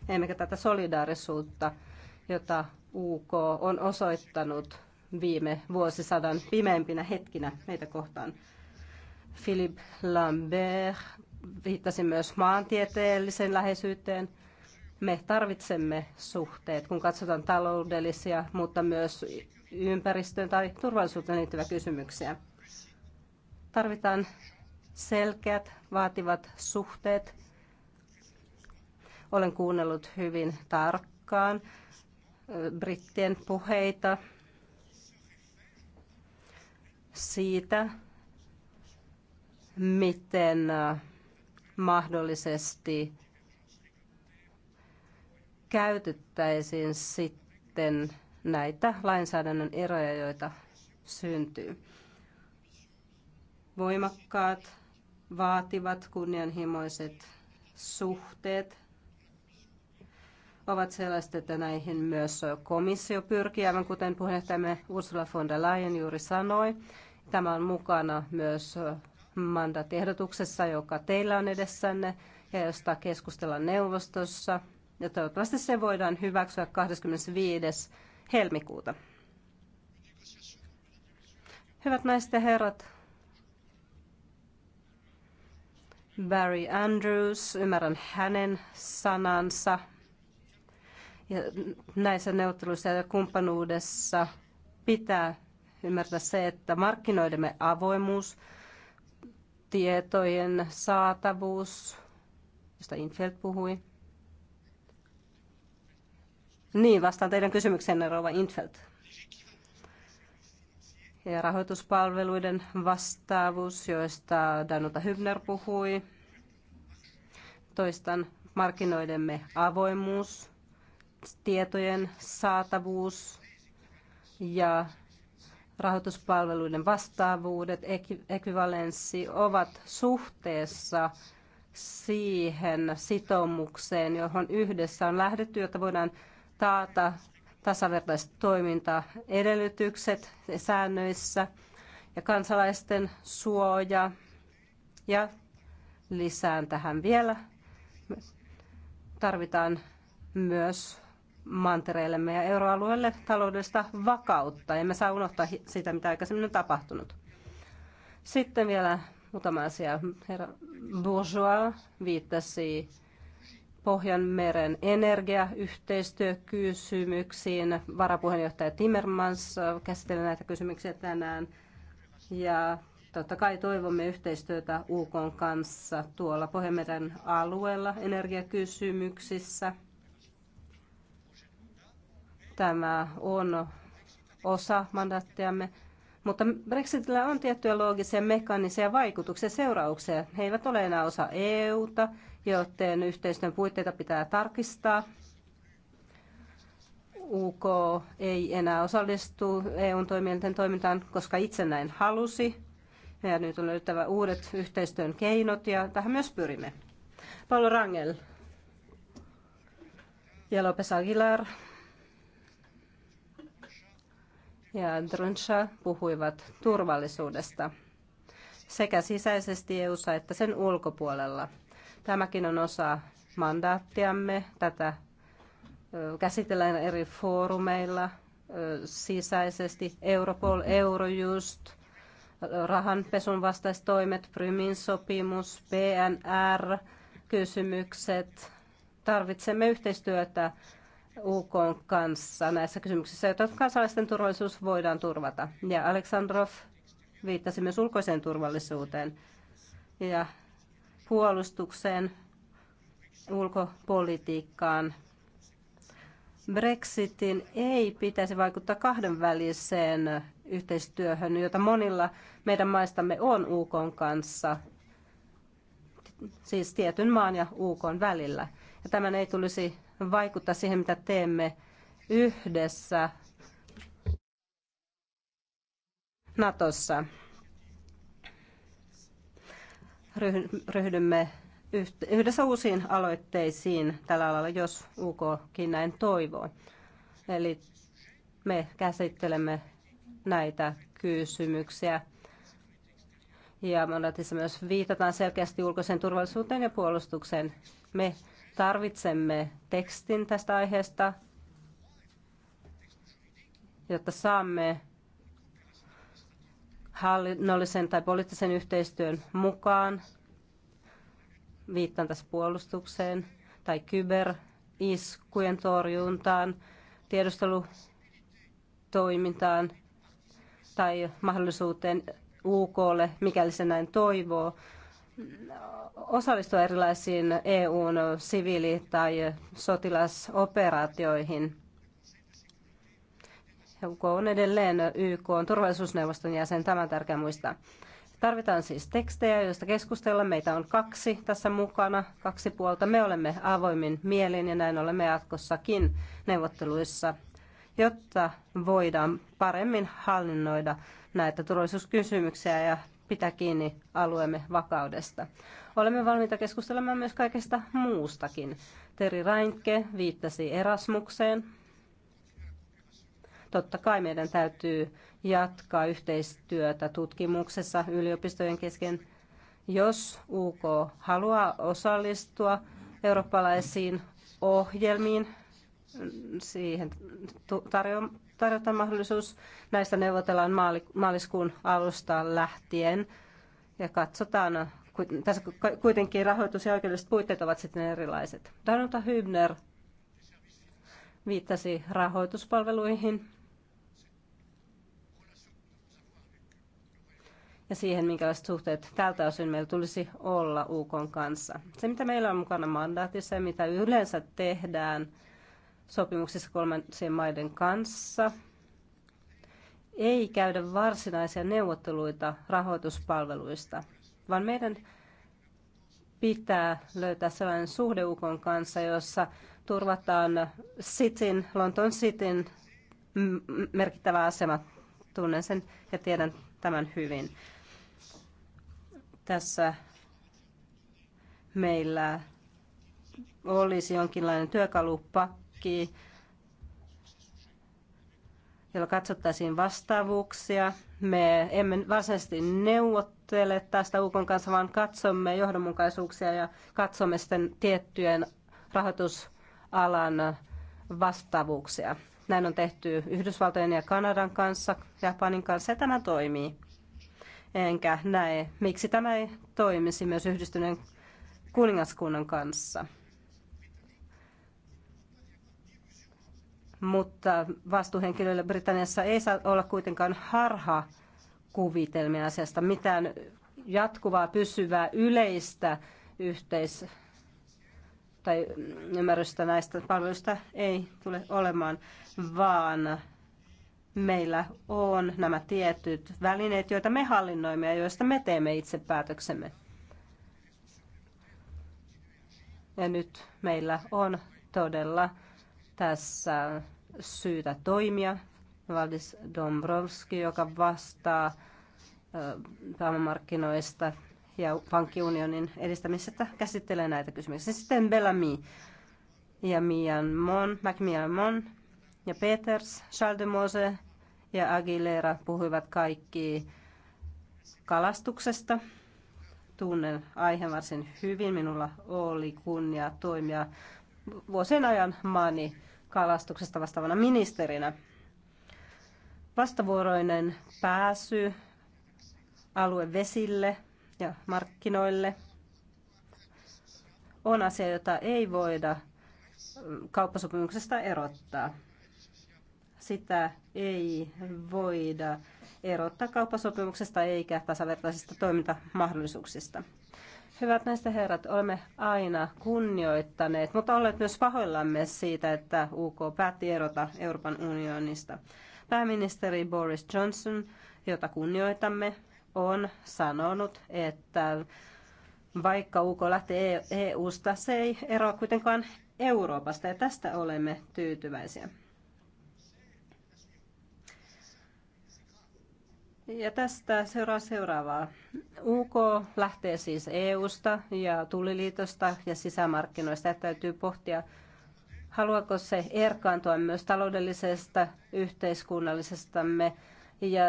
emmekä tätä solidaarisuutta – jota UK on osoittanut viime vuosisadan pimeimpinä hetkinä meitä kohtaan. Philippe Lambert viittasi myös maantieteelliseen läheisyyteen. Me tarvitsemme suhteet, kun katsotaan taloudellisia, mutta myös ympäristöön tai turvallisuuteen liittyviä kysymyksiä. Tarvitaan selkeät, vaativat suhteet. Olen kuunnellut hyvin tarkkaan brittien puheita siitä, miten äh, mahdollisesti käytettäisiin sitten näitä lainsäädännön eroja, joita syntyy. Voimakkaat, vaativat, kunnianhimoiset suhteet ovat sellaiset, että näihin myös komissio pyrkii, aivan kuten puheenjohtajamme Ursula von der Leyen juuri sanoi. Tämä on mukana myös mandatehdotuksessa, joka teillä on edessänne ja josta keskustellaan neuvostossa. Ja toivottavasti se voidaan hyväksyä 25. helmikuuta. Hyvät naiset ja herrat, Barry Andrews, ymmärrän hänen sanansa ja näissä neuvotteluissa ja kumppanuudessa pitää ymmärtää se, että markkinoidemme avoimuus, tietojen saatavuus, josta Infeld puhui. Niin, vastaan teidän kysymykseen Rova Infeld. Ja rahoituspalveluiden vastaavuus, joista Danuta Hübner puhui. Toistan markkinoidemme avoimuus, tietojen saatavuus ja rahoituspalveluiden vastaavuudet, ekvivalenssi ovat suhteessa siihen sitoumukseen, johon yhdessä on lähdetty, jotta voidaan taata tasavertaiset toimintaedellytykset säännöissä ja kansalaisten suoja. Ja lisään tähän vielä. Tarvitaan myös mantereillemme ja euroalueelle taloudellista vakautta. Emme saa unohtaa sitä, mitä aikaisemmin on tapahtunut. Sitten vielä muutama asia. Herra Bourgeois viittasi Pohjanmeren energiayhteistyökysymyksiin. Varapuheenjohtaja Timmermans käsitteli näitä kysymyksiä tänään. Ja totta kai toivomme yhteistyötä UK kanssa tuolla Pohjanmeren alueella energiakysymyksissä – Tämä on osa mandaattiamme, mutta Brexitillä on tiettyjä loogisia mekaanisia vaikutuksia seurauksia. He eivät ole enää osa EUta, joten yhteistyön puitteita pitää tarkistaa. UK ei enää osallistu EUn toimielinten toimintaan, koska itse näin halusi. Ja nyt on löytävä uudet yhteistyön keinot ja tähän myös pyrimme. Paolo Rangel ja Lopes Aguilar. ja Druncha puhuivat turvallisuudesta sekä sisäisesti EU:ssa että sen ulkopuolella. Tämäkin on osa mandaattiamme. Tätä käsitellään eri foorumeilla sisäisesti. Europol, Eurojust, rahanpesun vastaistoimet, Prymin sopimus, PNR, kysymykset. Tarvitsemme yhteistyötä UK kanssa näissä kysymyksissä, jotta kansalaisten turvallisuus voidaan turvata. Ja Aleksandrov viittasi myös ulkoiseen turvallisuuteen ja puolustukseen, ulkopolitiikkaan. Brexitin ei pitäisi vaikuttaa kahdenväliseen yhteistyöhön, jota monilla meidän maistamme on UK kanssa, siis tietyn maan ja UK välillä. Ja tämän ei tulisi vaikuttaa siihen, mitä teemme yhdessä Natossa. Ryhdymme yhdessä uusiin aloitteisiin tällä alalla, jos UKkin näin toivoo. Eli me käsittelemme näitä kysymyksiä. Ja mandatissa myös viitataan selkeästi ulkoiseen turvallisuuteen ja puolustukseen. Me tarvitsemme tekstin tästä aiheesta, jotta saamme hallinnollisen tai poliittisen yhteistyön mukaan, viittaan tässä puolustukseen, tai kyberiskujen torjuntaan, tiedustelutoimintaan tai mahdollisuuteen UKlle, mikäli se näin toivoo, osallistua erilaisiin EUn siviili- tai sotilasoperaatioihin. UK on edelleen YK on turvallisuusneuvoston jäsen, tämä on tärkeää muistaa. Tarvitaan siis tekstejä, joista keskustella. Meitä on kaksi tässä mukana, kaksi puolta. Me olemme avoimin mielin ja näin olemme jatkossakin neuvotteluissa, jotta voidaan paremmin hallinnoida näitä turvallisuuskysymyksiä ja pitää kiinni alueemme vakaudesta. Olemme valmiita keskustelemaan myös kaikesta muustakin. Teri Rainke viittasi Erasmukseen. Totta kai meidän täytyy jatkaa yhteistyötä tutkimuksessa yliopistojen kesken. Jos UK haluaa osallistua eurooppalaisiin ohjelmiin, siihen tarjota mahdollisuus. Näistä neuvotellaan maaliskuun alusta lähtien ja katsotaan. Tässä kuitenkin rahoitus- ja oikeudelliset puitteet ovat sitten erilaiset. Danuta Hübner viittasi rahoituspalveluihin ja siihen, minkälaiset suhteet tältä osin meillä tulisi olla UK kanssa. Se, mitä meillä on mukana mandaatissa ja mitä yleensä tehdään – sopimuksissa kolmansien maiden kanssa ei käydä varsinaisia neuvotteluita rahoituspalveluista, vaan meidän pitää löytää sellainen suhde Ukon kanssa, jossa turvataan Cityn, Lontoon Cityn merkittävä asema. Tunnen sen ja tiedän tämän hyvin. Tässä meillä olisi jonkinlainen työkalupakki tutkii, jolla katsottaisiin vastaavuuksia. Me emme varsinaisesti neuvottele tästä UK kanssa, vaan katsomme johdonmukaisuuksia ja katsomme sitten tiettyjen rahoitusalan vastaavuuksia. Näin on tehty Yhdysvaltojen ja Kanadan kanssa, Japanin kanssa ja tämä toimii. Enkä näe, miksi tämä ei toimisi myös yhdistyneen kuningaskunnan kanssa. mutta vastuuhenkilöillä Britanniassa ei saa olla kuitenkaan harha kuvitelmia asiasta. Mitään jatkuvaa, pysyvää, yleistä yhteis- tai ymmärrystä näistä palveluista ei tule olemaan, vaan meillä on nämä tietyt välineet, joita me hallinnoimme ja joista me teemme itse päätöksemme. Ja nyt meillä on todella tässä syytä toimia. Valdis Dombrovski, joka vastaa pääomamarkkinoista ja pankkiunionin edistämisestä, käsittelee näitä kysymyksiä. Sitten Bellamy ja Mian Mon, Macmillan Mon ja Peters, Charles de Mose ja Aguilera puhuivat kaikki kalastuksesta. Tunnen aiheen varsin hyvin. Minulla oli kunnia toimia vuosien ajan maani kalastuksesta vastaavana ministerinä. Vastavuoroinen pääsy aluevesille ja markkinoille on asia, jota ei voida kauppasopimuksesta erottaa. Sitä ei voida erottaa kauppasopimuksesta eikä tasavertaisista toimintamahdollisuuksista. Hyvät näistä herrat, olemme aina kunnioittaneet, mutta olleet myös pahoillamme siitä, että UK päätti erota Euroopan unionista. Pääministeri Boris Johnson, jota kunnioitamme, on sanonut, että vaikka UK lähtee EU-sta, e se ei eroa kuitenkaan Euroopasta ja tästä olemme tyytyväisiä. Ja tästä seuraa seuraavaa. UK lähtee siis EUsta ja tuliliitosta ja sisämarkkinoista. Ja täytyy pohtia, haluaako se erkaantua myös taloudellisesta, yhteiskunnallisestamme ja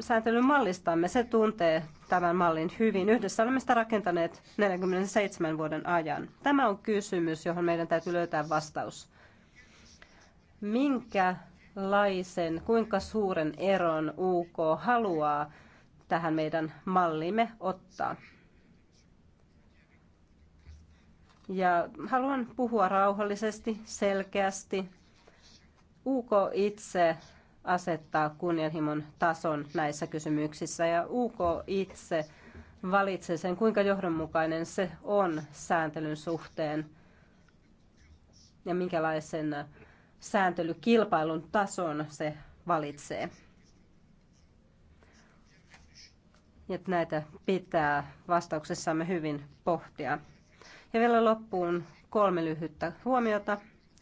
sääntelyn mallistamme. Se tuntee tämän mallin hyvin. Yhdessä olemme sitä rakentaneet 47 vuoden ajan. Tämä on kysymys, johon meidän täytyy löytää vastaus. Minkä minkälaisen, kuinka suuren eron UK haluaa tähän meidän mallimme ottaa. Ja haluan puhua rauhallisesti, selkeästi. UK itse asettaa kunnianhimon tason näissä kysymyksissä ja UK itse valitsee sen, kuinka johdonmukainen se on sääntelyn suhteen ja minkälaisen sääntelykilpailun tason se valitsee. Ja näitä pitää vastauksessamme hyvin pohtia. Ja vielä loppuun kolme lyhyttä huomiota.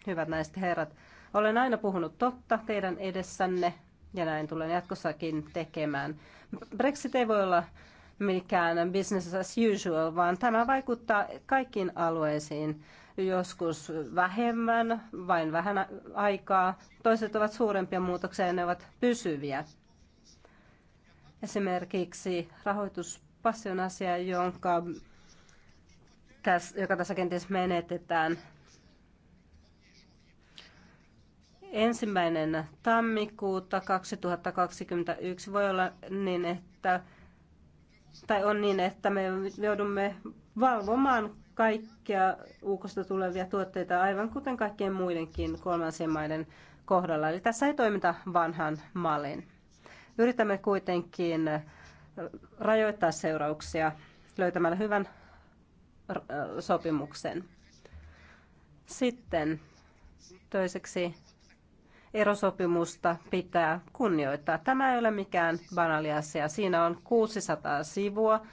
Hyvät naiset herrat, olen aina puhunut totta teidän edessänne ja näin tulen jatkossakin tekemään. Brexit ei voi olla mikään business as usual, vaan tämä vaikuttaa kaikkiin alueisiin joskus vähemmän, vain vähän aikaa. Toiset ovat suurempia muutoksia ja ne ovat pysyviä. Esimerkiksi rahoituspassi on asia, jonka tässä, joka tässä kenties menetetään. Ensimmäinen tammikuuta 2021 voi olla niin, että tai on niin, että me joudumme valvomaan kaikkia UKosta tulevia tuotteita, aivan kuten kaikkien muidenkin kolmansien maiden kohdalla. Eli tässä ei toimita vanhan mallin. Yritämme kuitenkin rajoittaa seurauksia löytämällä hyvän sopimuksen. Sitten toiseksi erosopimusta pitää kunnioittaa. Tämä ei ole mikään banaali asia. Siinä on 600 sivua.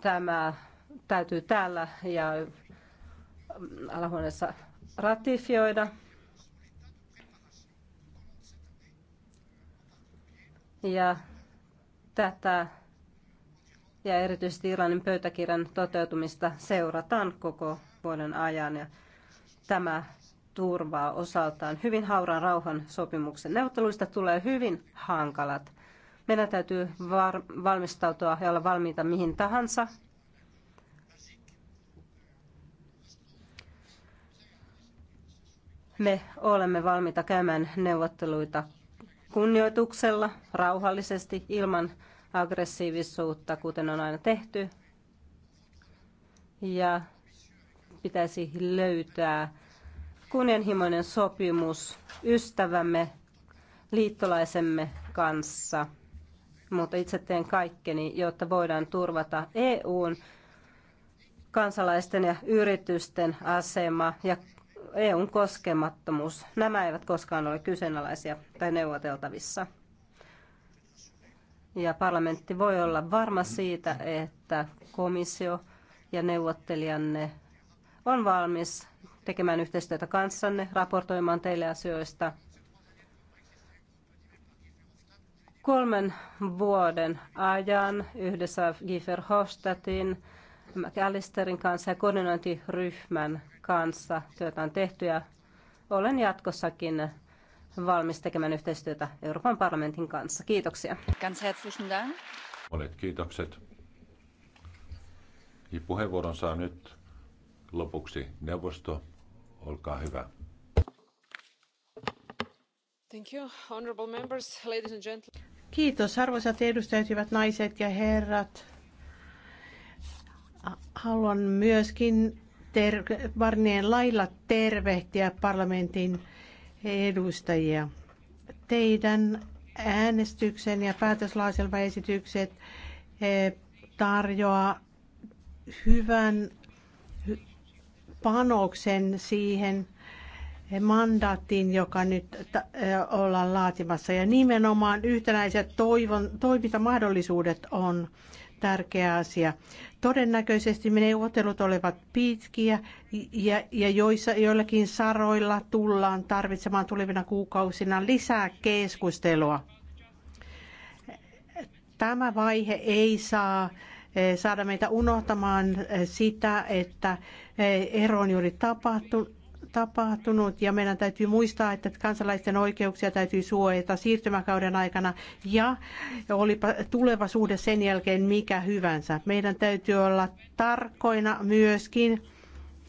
Tämä täytyy täällä ja alahuoneessa ratifioida. Ja tätä ja erityisesti Irlannin pöytäkirjan toteutumista seurataan koko vuoden ajan. Ja tämä turvaa osaltaan hyvin hauran rauhan sopimuksen. Neuvotteluista tulee hyvin hankalat. Meidän täytyy var- valmistautua ja olla valmiita mihin tahansa Me olemme valmiita käymään neuvotteluita kunnioituksella, rauhallisesti, ilman aggressiivisuutta, kuten on aina tehty. Ja pitäisi löytää kunnianhimoinen sopimus ystävämme, liittolaisemme kanssa. Mutta itse teen kaikkeni, jotta voidaan turvata EUn kansalaisten ja yritysten asema ja EUn koskemattomuus. Nämä eivät koskaan ole kyseenalaisia tai neuvoteltavissa. Ja parlamentti voi olla varma siitä, että komissio ja neuvottelijanne on valmis tekemään yhteistyötä kanssanne, raportoimaan teille asioista. Kolmen vuoden ajan yhdessä Giefer Hofstadtin McAllisterin kanssa ja koordinointiryhmän kanssa työtä on tehty ja olen jatkossakin valmis tekemään yhteistyötä Euroopan parlamentin kanssa. Kiitoksia. Ganz herzlichen Dank. Monet kiitokset. Ja niin puheenvuoron saa nyt lopuksi neuvosto. Olkaa hyvä. Thank you, honorable members, ladies and gentlemen. Kiitos arvoisat edustajat, hyvät naiset ja herrat. Haluan myöskin ter- lailla tervehtiä parlamentin edustajia. Teidän äänestyksen ja päätöslauselmaesitykset eh, tarjoaa hyvän panoksen siihen eh, mandaattiin, joka nyt eh, ollaan laatimassa. Ja nimenomaan yhtenäiset toivon, toimintamahdollisuudet on tärkeä asia. Todennäköisesti neuvottelut olivat pitkiä ja, ja joissa, joillakin saroilla tullaan tarvitsemaan tulevina kuukausina lisää keskustelua. Tämä vaihe ei saa eh, saada meitä unohtamaan eh, sitä, että eh, ero on juuri tapahtunut tapahtunut ja meidän täytyy muistaa, että kansalaisten oikeuksia täytyy suojata siirtymäkauden aikana ja olipa tuleva suhde sen jälkeen mikä hyvänsä. Meidän täytyy olla tarkkoina myöskin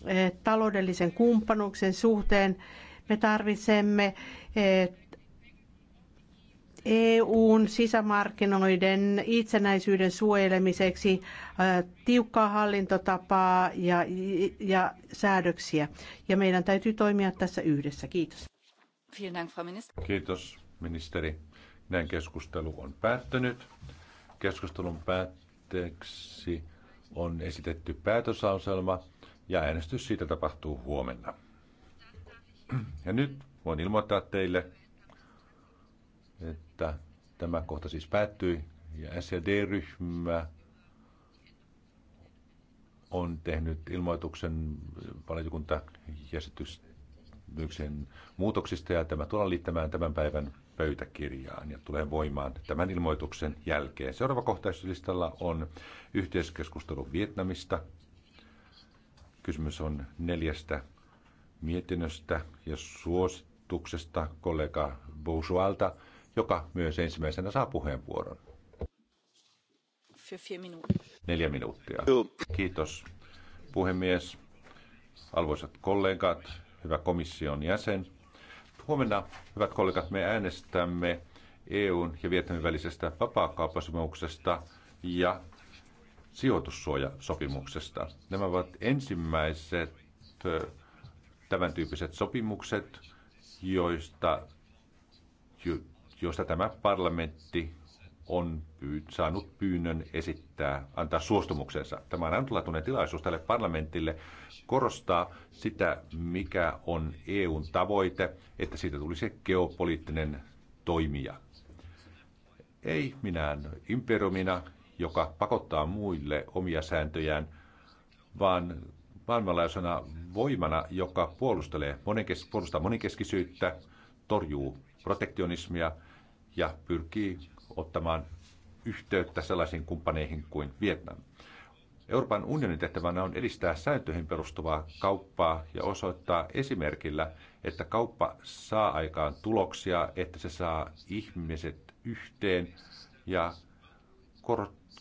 eh, taloudellisen kumppanuksen suhteen. Me tarvitsemme eh, EUn sisämarkkinoiden itsenäisyyden suojelemiseksi äh, tiukkaa hallintotapaa ja, ja säädöksiä. Ja meidän täytyy toimia tässä yhdessä. Kiitos. Kiitos ministeri. Näin keskustelu on päättynyt. Keskustelun päätteeksi on esitetty päätöslauselma ja äänestys siitä tapahtuu huomenna. Ja nyt voin ilmoittaa teille, että tämä kohta siis päättyi ja SED-ryhmä on tehnyt ilmoituksen valiokuntajäsityksen muutoksista ja tämä tullaan liittämään tämän päivän pöytäkirjaan ja tulee voimaan tämän ilmoituksen jälkeen. Seuraava kohtaislistalla on yhteiskeskustelu Vietnamista. Kysymys on neljästä mietinnöstä ja suosituksesta kollega Bousualta – joka myös ensimmäisenä saa puheenvuoron. Neljä minuuttia. Kiitos puhemies, arvoisat kollegat, hyvä komission jäsen. Huomenna, hyvät kollegat, me äänestämme EUn ja Vietnamin välisestä vapaakauppasopimuksesta ja sijoitussuojasopimuksesta. Nämä ovat ensimmäiset tämän tyyppiset sopimukset, joista josta tämä parlamentti on pyy- saanut pyynnön esittää, antaa suostumuksensa. Tämä on ainutlaatuinen tilaisuus tälle parlamentille korostaa sitä, mikä on EUn tavoite, että siitä tulisi geopoliittinen toimija. Ei minään imperiumina, joka pakottaa muille omia sääntöjään, vaan maailmanlaajuisena voimana, joka puolustelee monenkes- puolustaa monikeskisyyttä, torjuu protektionismia – ja pyrkii ottamaan yhteyttä sellaisiin kumppaneihin kuin Vietnam. Euroopan unionin tehtävänä on edistää sääntöihin perustuvaa kauppaa ja osoittaa esimerkillä, että kauppa saa aikaan tuloksia, että se saa ihmiset yhteen ja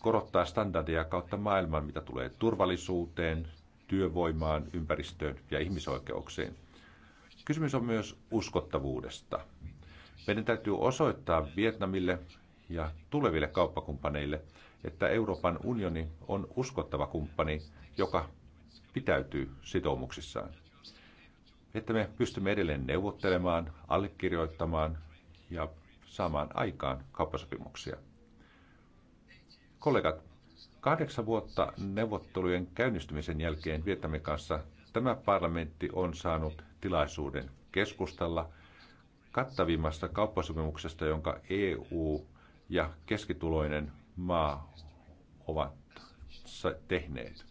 korottaa standardeja kautta maailman, mitä tulee turvallisuuteen, työvoimaan, ympäristöön ja ihmisoikeuksiin. Kysymys on myös uskottavuudesta – meidän täytyy osoittaa Vietnamille ja tuleville kauppakumppaneille, että Euroopan unioni on uskottava kumppani, joka pitäytyy sitoumuksissaan. Että me pystymme edelleen neuvottelemaan, allekirjoittamaan ja saamaan aikaan kauppasopimuksia. Kollegat, kahdeksan vuotta neuvottelujen käynnistymisen jälkeen Vietnamin kanssa tämä parlamentti on saanut tilaisuuden keskustella – kattavimmasta kauppasopimuksesta, jonka EU ja keskituloinen maa ovat tehneet.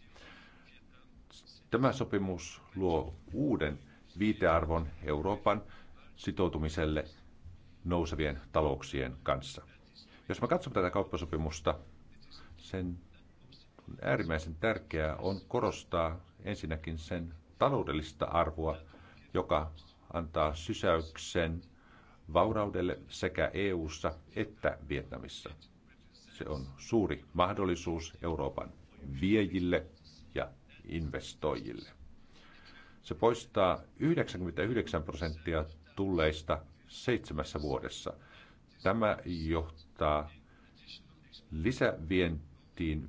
Tämä sopimus luo uuden viitearvon Euroopan sitoutumiselle nousevien talouksien kanssa. Jos me katsomme tätä kauppasopimusta, sen äärimmäisen tärkeää on korostaa ensinnäkin sen taloudellista arvoa, joka antaa sysäyksen vauraudelle sekä EU:ssa että Vietnamissa. Se on suuri mahdollisuus Euroopan viejille ja investoijille. Se poistaa 99 prosenttia tulleista seitsemässä vuodessa. Tämä johtaa lisävientiin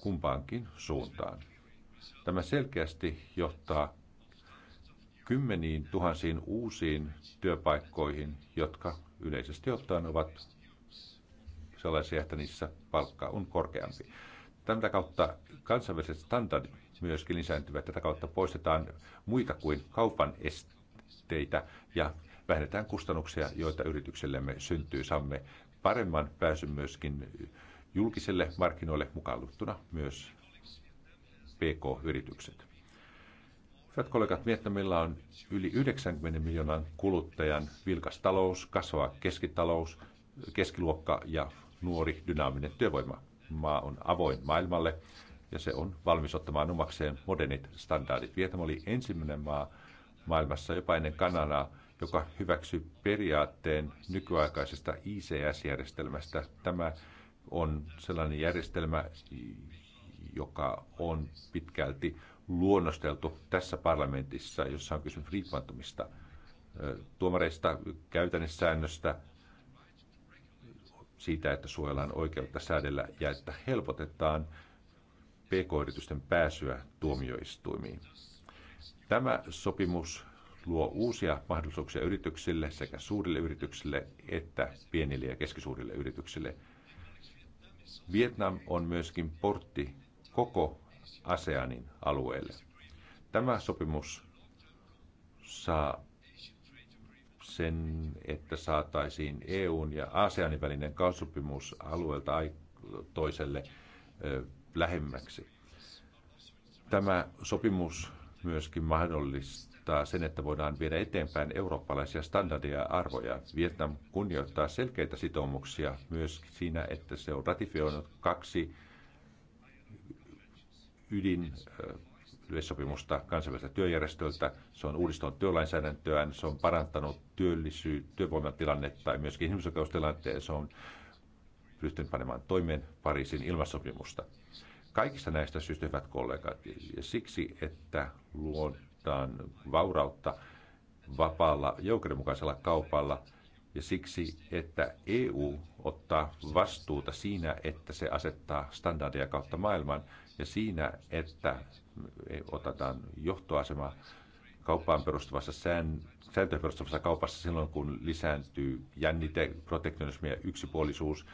kumpaankin suuntaan. Tämä selkeästi johtaa kymmeniin tuhansiin uusiin työpaikkoihin, jotka yleisesti ottaen ovat sellaisia, että niissä palkka on korkeampi. Tätä kautta kansainväliset standardit myöskin lisääntyvät. Tätä kautta poistetaan muita kuin kaupan esteitä ja vähennetään kustannuksia, joita yrityksellemme syntyy. Saamme paremman pääsyn myöskin julkiselle markkinoille mukaan myös PK-yritykset. Hyvät kollegat, Vietnamilla on yli 90 miljoonan kuluttajan vilkas talous, kasvava keskitalous, keskiluokka ja nuori dynaaminen työvoima. Maa on avoin maailmalle ja se on valmis ottamaan omakseen modernit standardit. Vietnam oli ensimmäinen maa maailmassa jopa ennen Kanadaa, joka hyväksyi periaatteen nykyaikaisesta ICS-järjestelmästä. Tämä on sellainen järjestelmä, joka on pitkälti luonnosteltu tässä parlamentissa, jossa on kysymys riippumattomista tuomareista, käytännössäännöstä, siitä, että suojellaan oikeutta säädellä ja että helpotetaan pk-yritysten pääsyä tuomioistuimiin. Tämä sopimus luo uusia mahdollisuuksia yrityksille, sekä suurille yrityksille että pienille ja keskisuurille yrityksille. Vietnam on myöskin portti koko ASEANin alueelle. Tämä sopimus saa sen, että saataisiin EUn ja ASEANin välinen kauppasopimus alueelta toiselle lähemmäksi. Tämä sopimus myöskin mahdollistaa sen, että voidaan viedä eteenpäin eurooppalaisia standardeja ja arvoja. Vietnam kunnioittaa selkeitä sitoumuksia myös siinä, että se on ratifioinut kaksi ydin yleissopimusta kansainväliseltä työjärjestöltä. Se on uudistanut työlainsäädäntöään, se on parantanut työllisyy, työvoiman tilannetta ja myöskin ihmisoikeustilanteen. Se on ryhtynyt panemaan toimeen Pariisin ilmastopimusta. Kaikista näistä syystä hyvät kollegat, ja siksi, että luodaan vaurautta vapaalla ja kaupalla, ja siksi, että EU ottaa vastuuta siinä, että se asettaa standardeja kautta maailman – ja siinä, että otetaan johtoasema kauppaan perustuvassa sään, sääntöön perustuvassa kaupassa silloin, kun lisääntyy jännite, protektionismi ja yksipuolisuus.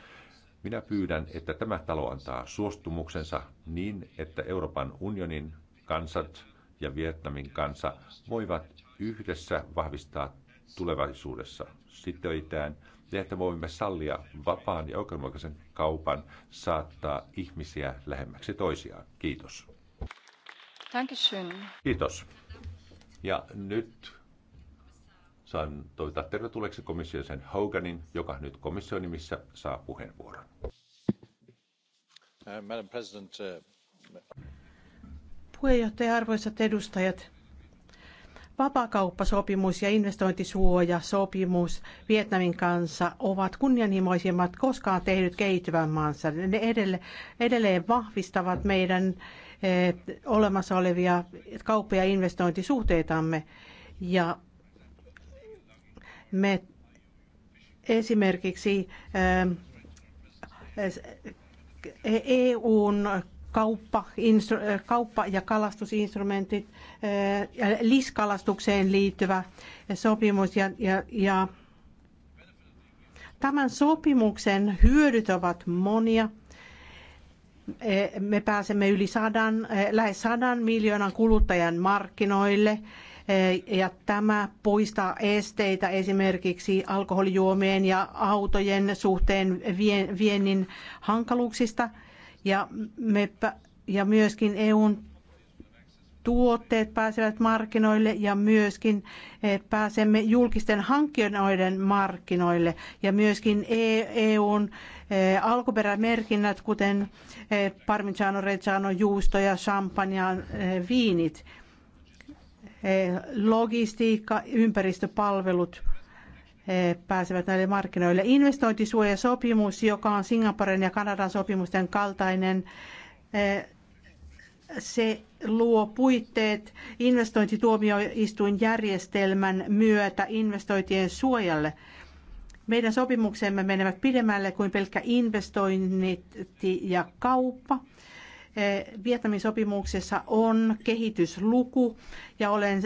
Minä pyydän, että tämä talo antaa suostumuksensa niin, että Euroopan unionin kansat ja Vietnamin kansa voivat yhdessä vahvistaa tulevaisuudessa itään ja että voimme sallia vapaan ja oikeudenmukaisen kaupan saattaa ihmisiä lähemmäksi toisiaan. Kiitos. Dankeschön. Kiitos. Ja nyt saan toivottaa tervetulleeksi komission sen Hoganin, joka nyt komission nimissä saa puheenvuoron. Uh, Madam President, uh, Puheenjohtaja, arvoisat edustajat, Vapakauppasopimus ja investointisuojasopimus Vietnamin kanssa ovat kunnianhimoisimmat koskaan tehdyt kehittyvän maansa. Ne edelleen vahvistavat meidän eh, olemassa olevia kauppa- ja investointisuhteitamme. Ja me esimerkiksi EUn eh, eh, e kauppa, kauppa- ja kalastusinstrumentit liskalastukseen liittyvä sopimus ja, ja, ja Tämän sopimuksen hyödyt ovat monia. Me pääsemme yli sadan, lähes sadan miljoonan kuluttajan markkinoille ja tämä poistaa esteitä esimerkiksi alkoholijuomien ja autojen suhteen viennin hankaluuksista ja, me, ja myöskin EUn tuotteet pääsevät markkinoille ja myöskin eh, pääsemme julkisten hankkijoiden markkinoille ja myöskin EUn e eh, alkuperämerkinnät, kuten eh, Parmigiano Reggiano juusto ja champagne viinit, logistiikka, ympäristöpalvelut pääsevät näille markkinoille. Investointisuojasopimus, joka on Singaporen ja Kanadan sopimusten kaltainen, se luo puitteet investointituomioistuinjärjestelmän myötä investointien suojalle. Meidän sopimuksemme menevät pidemmälle kuin pelkkä investoinnit ja kauppa. Eh, Vietnamin sopimuksessa on kehitysluku ja olen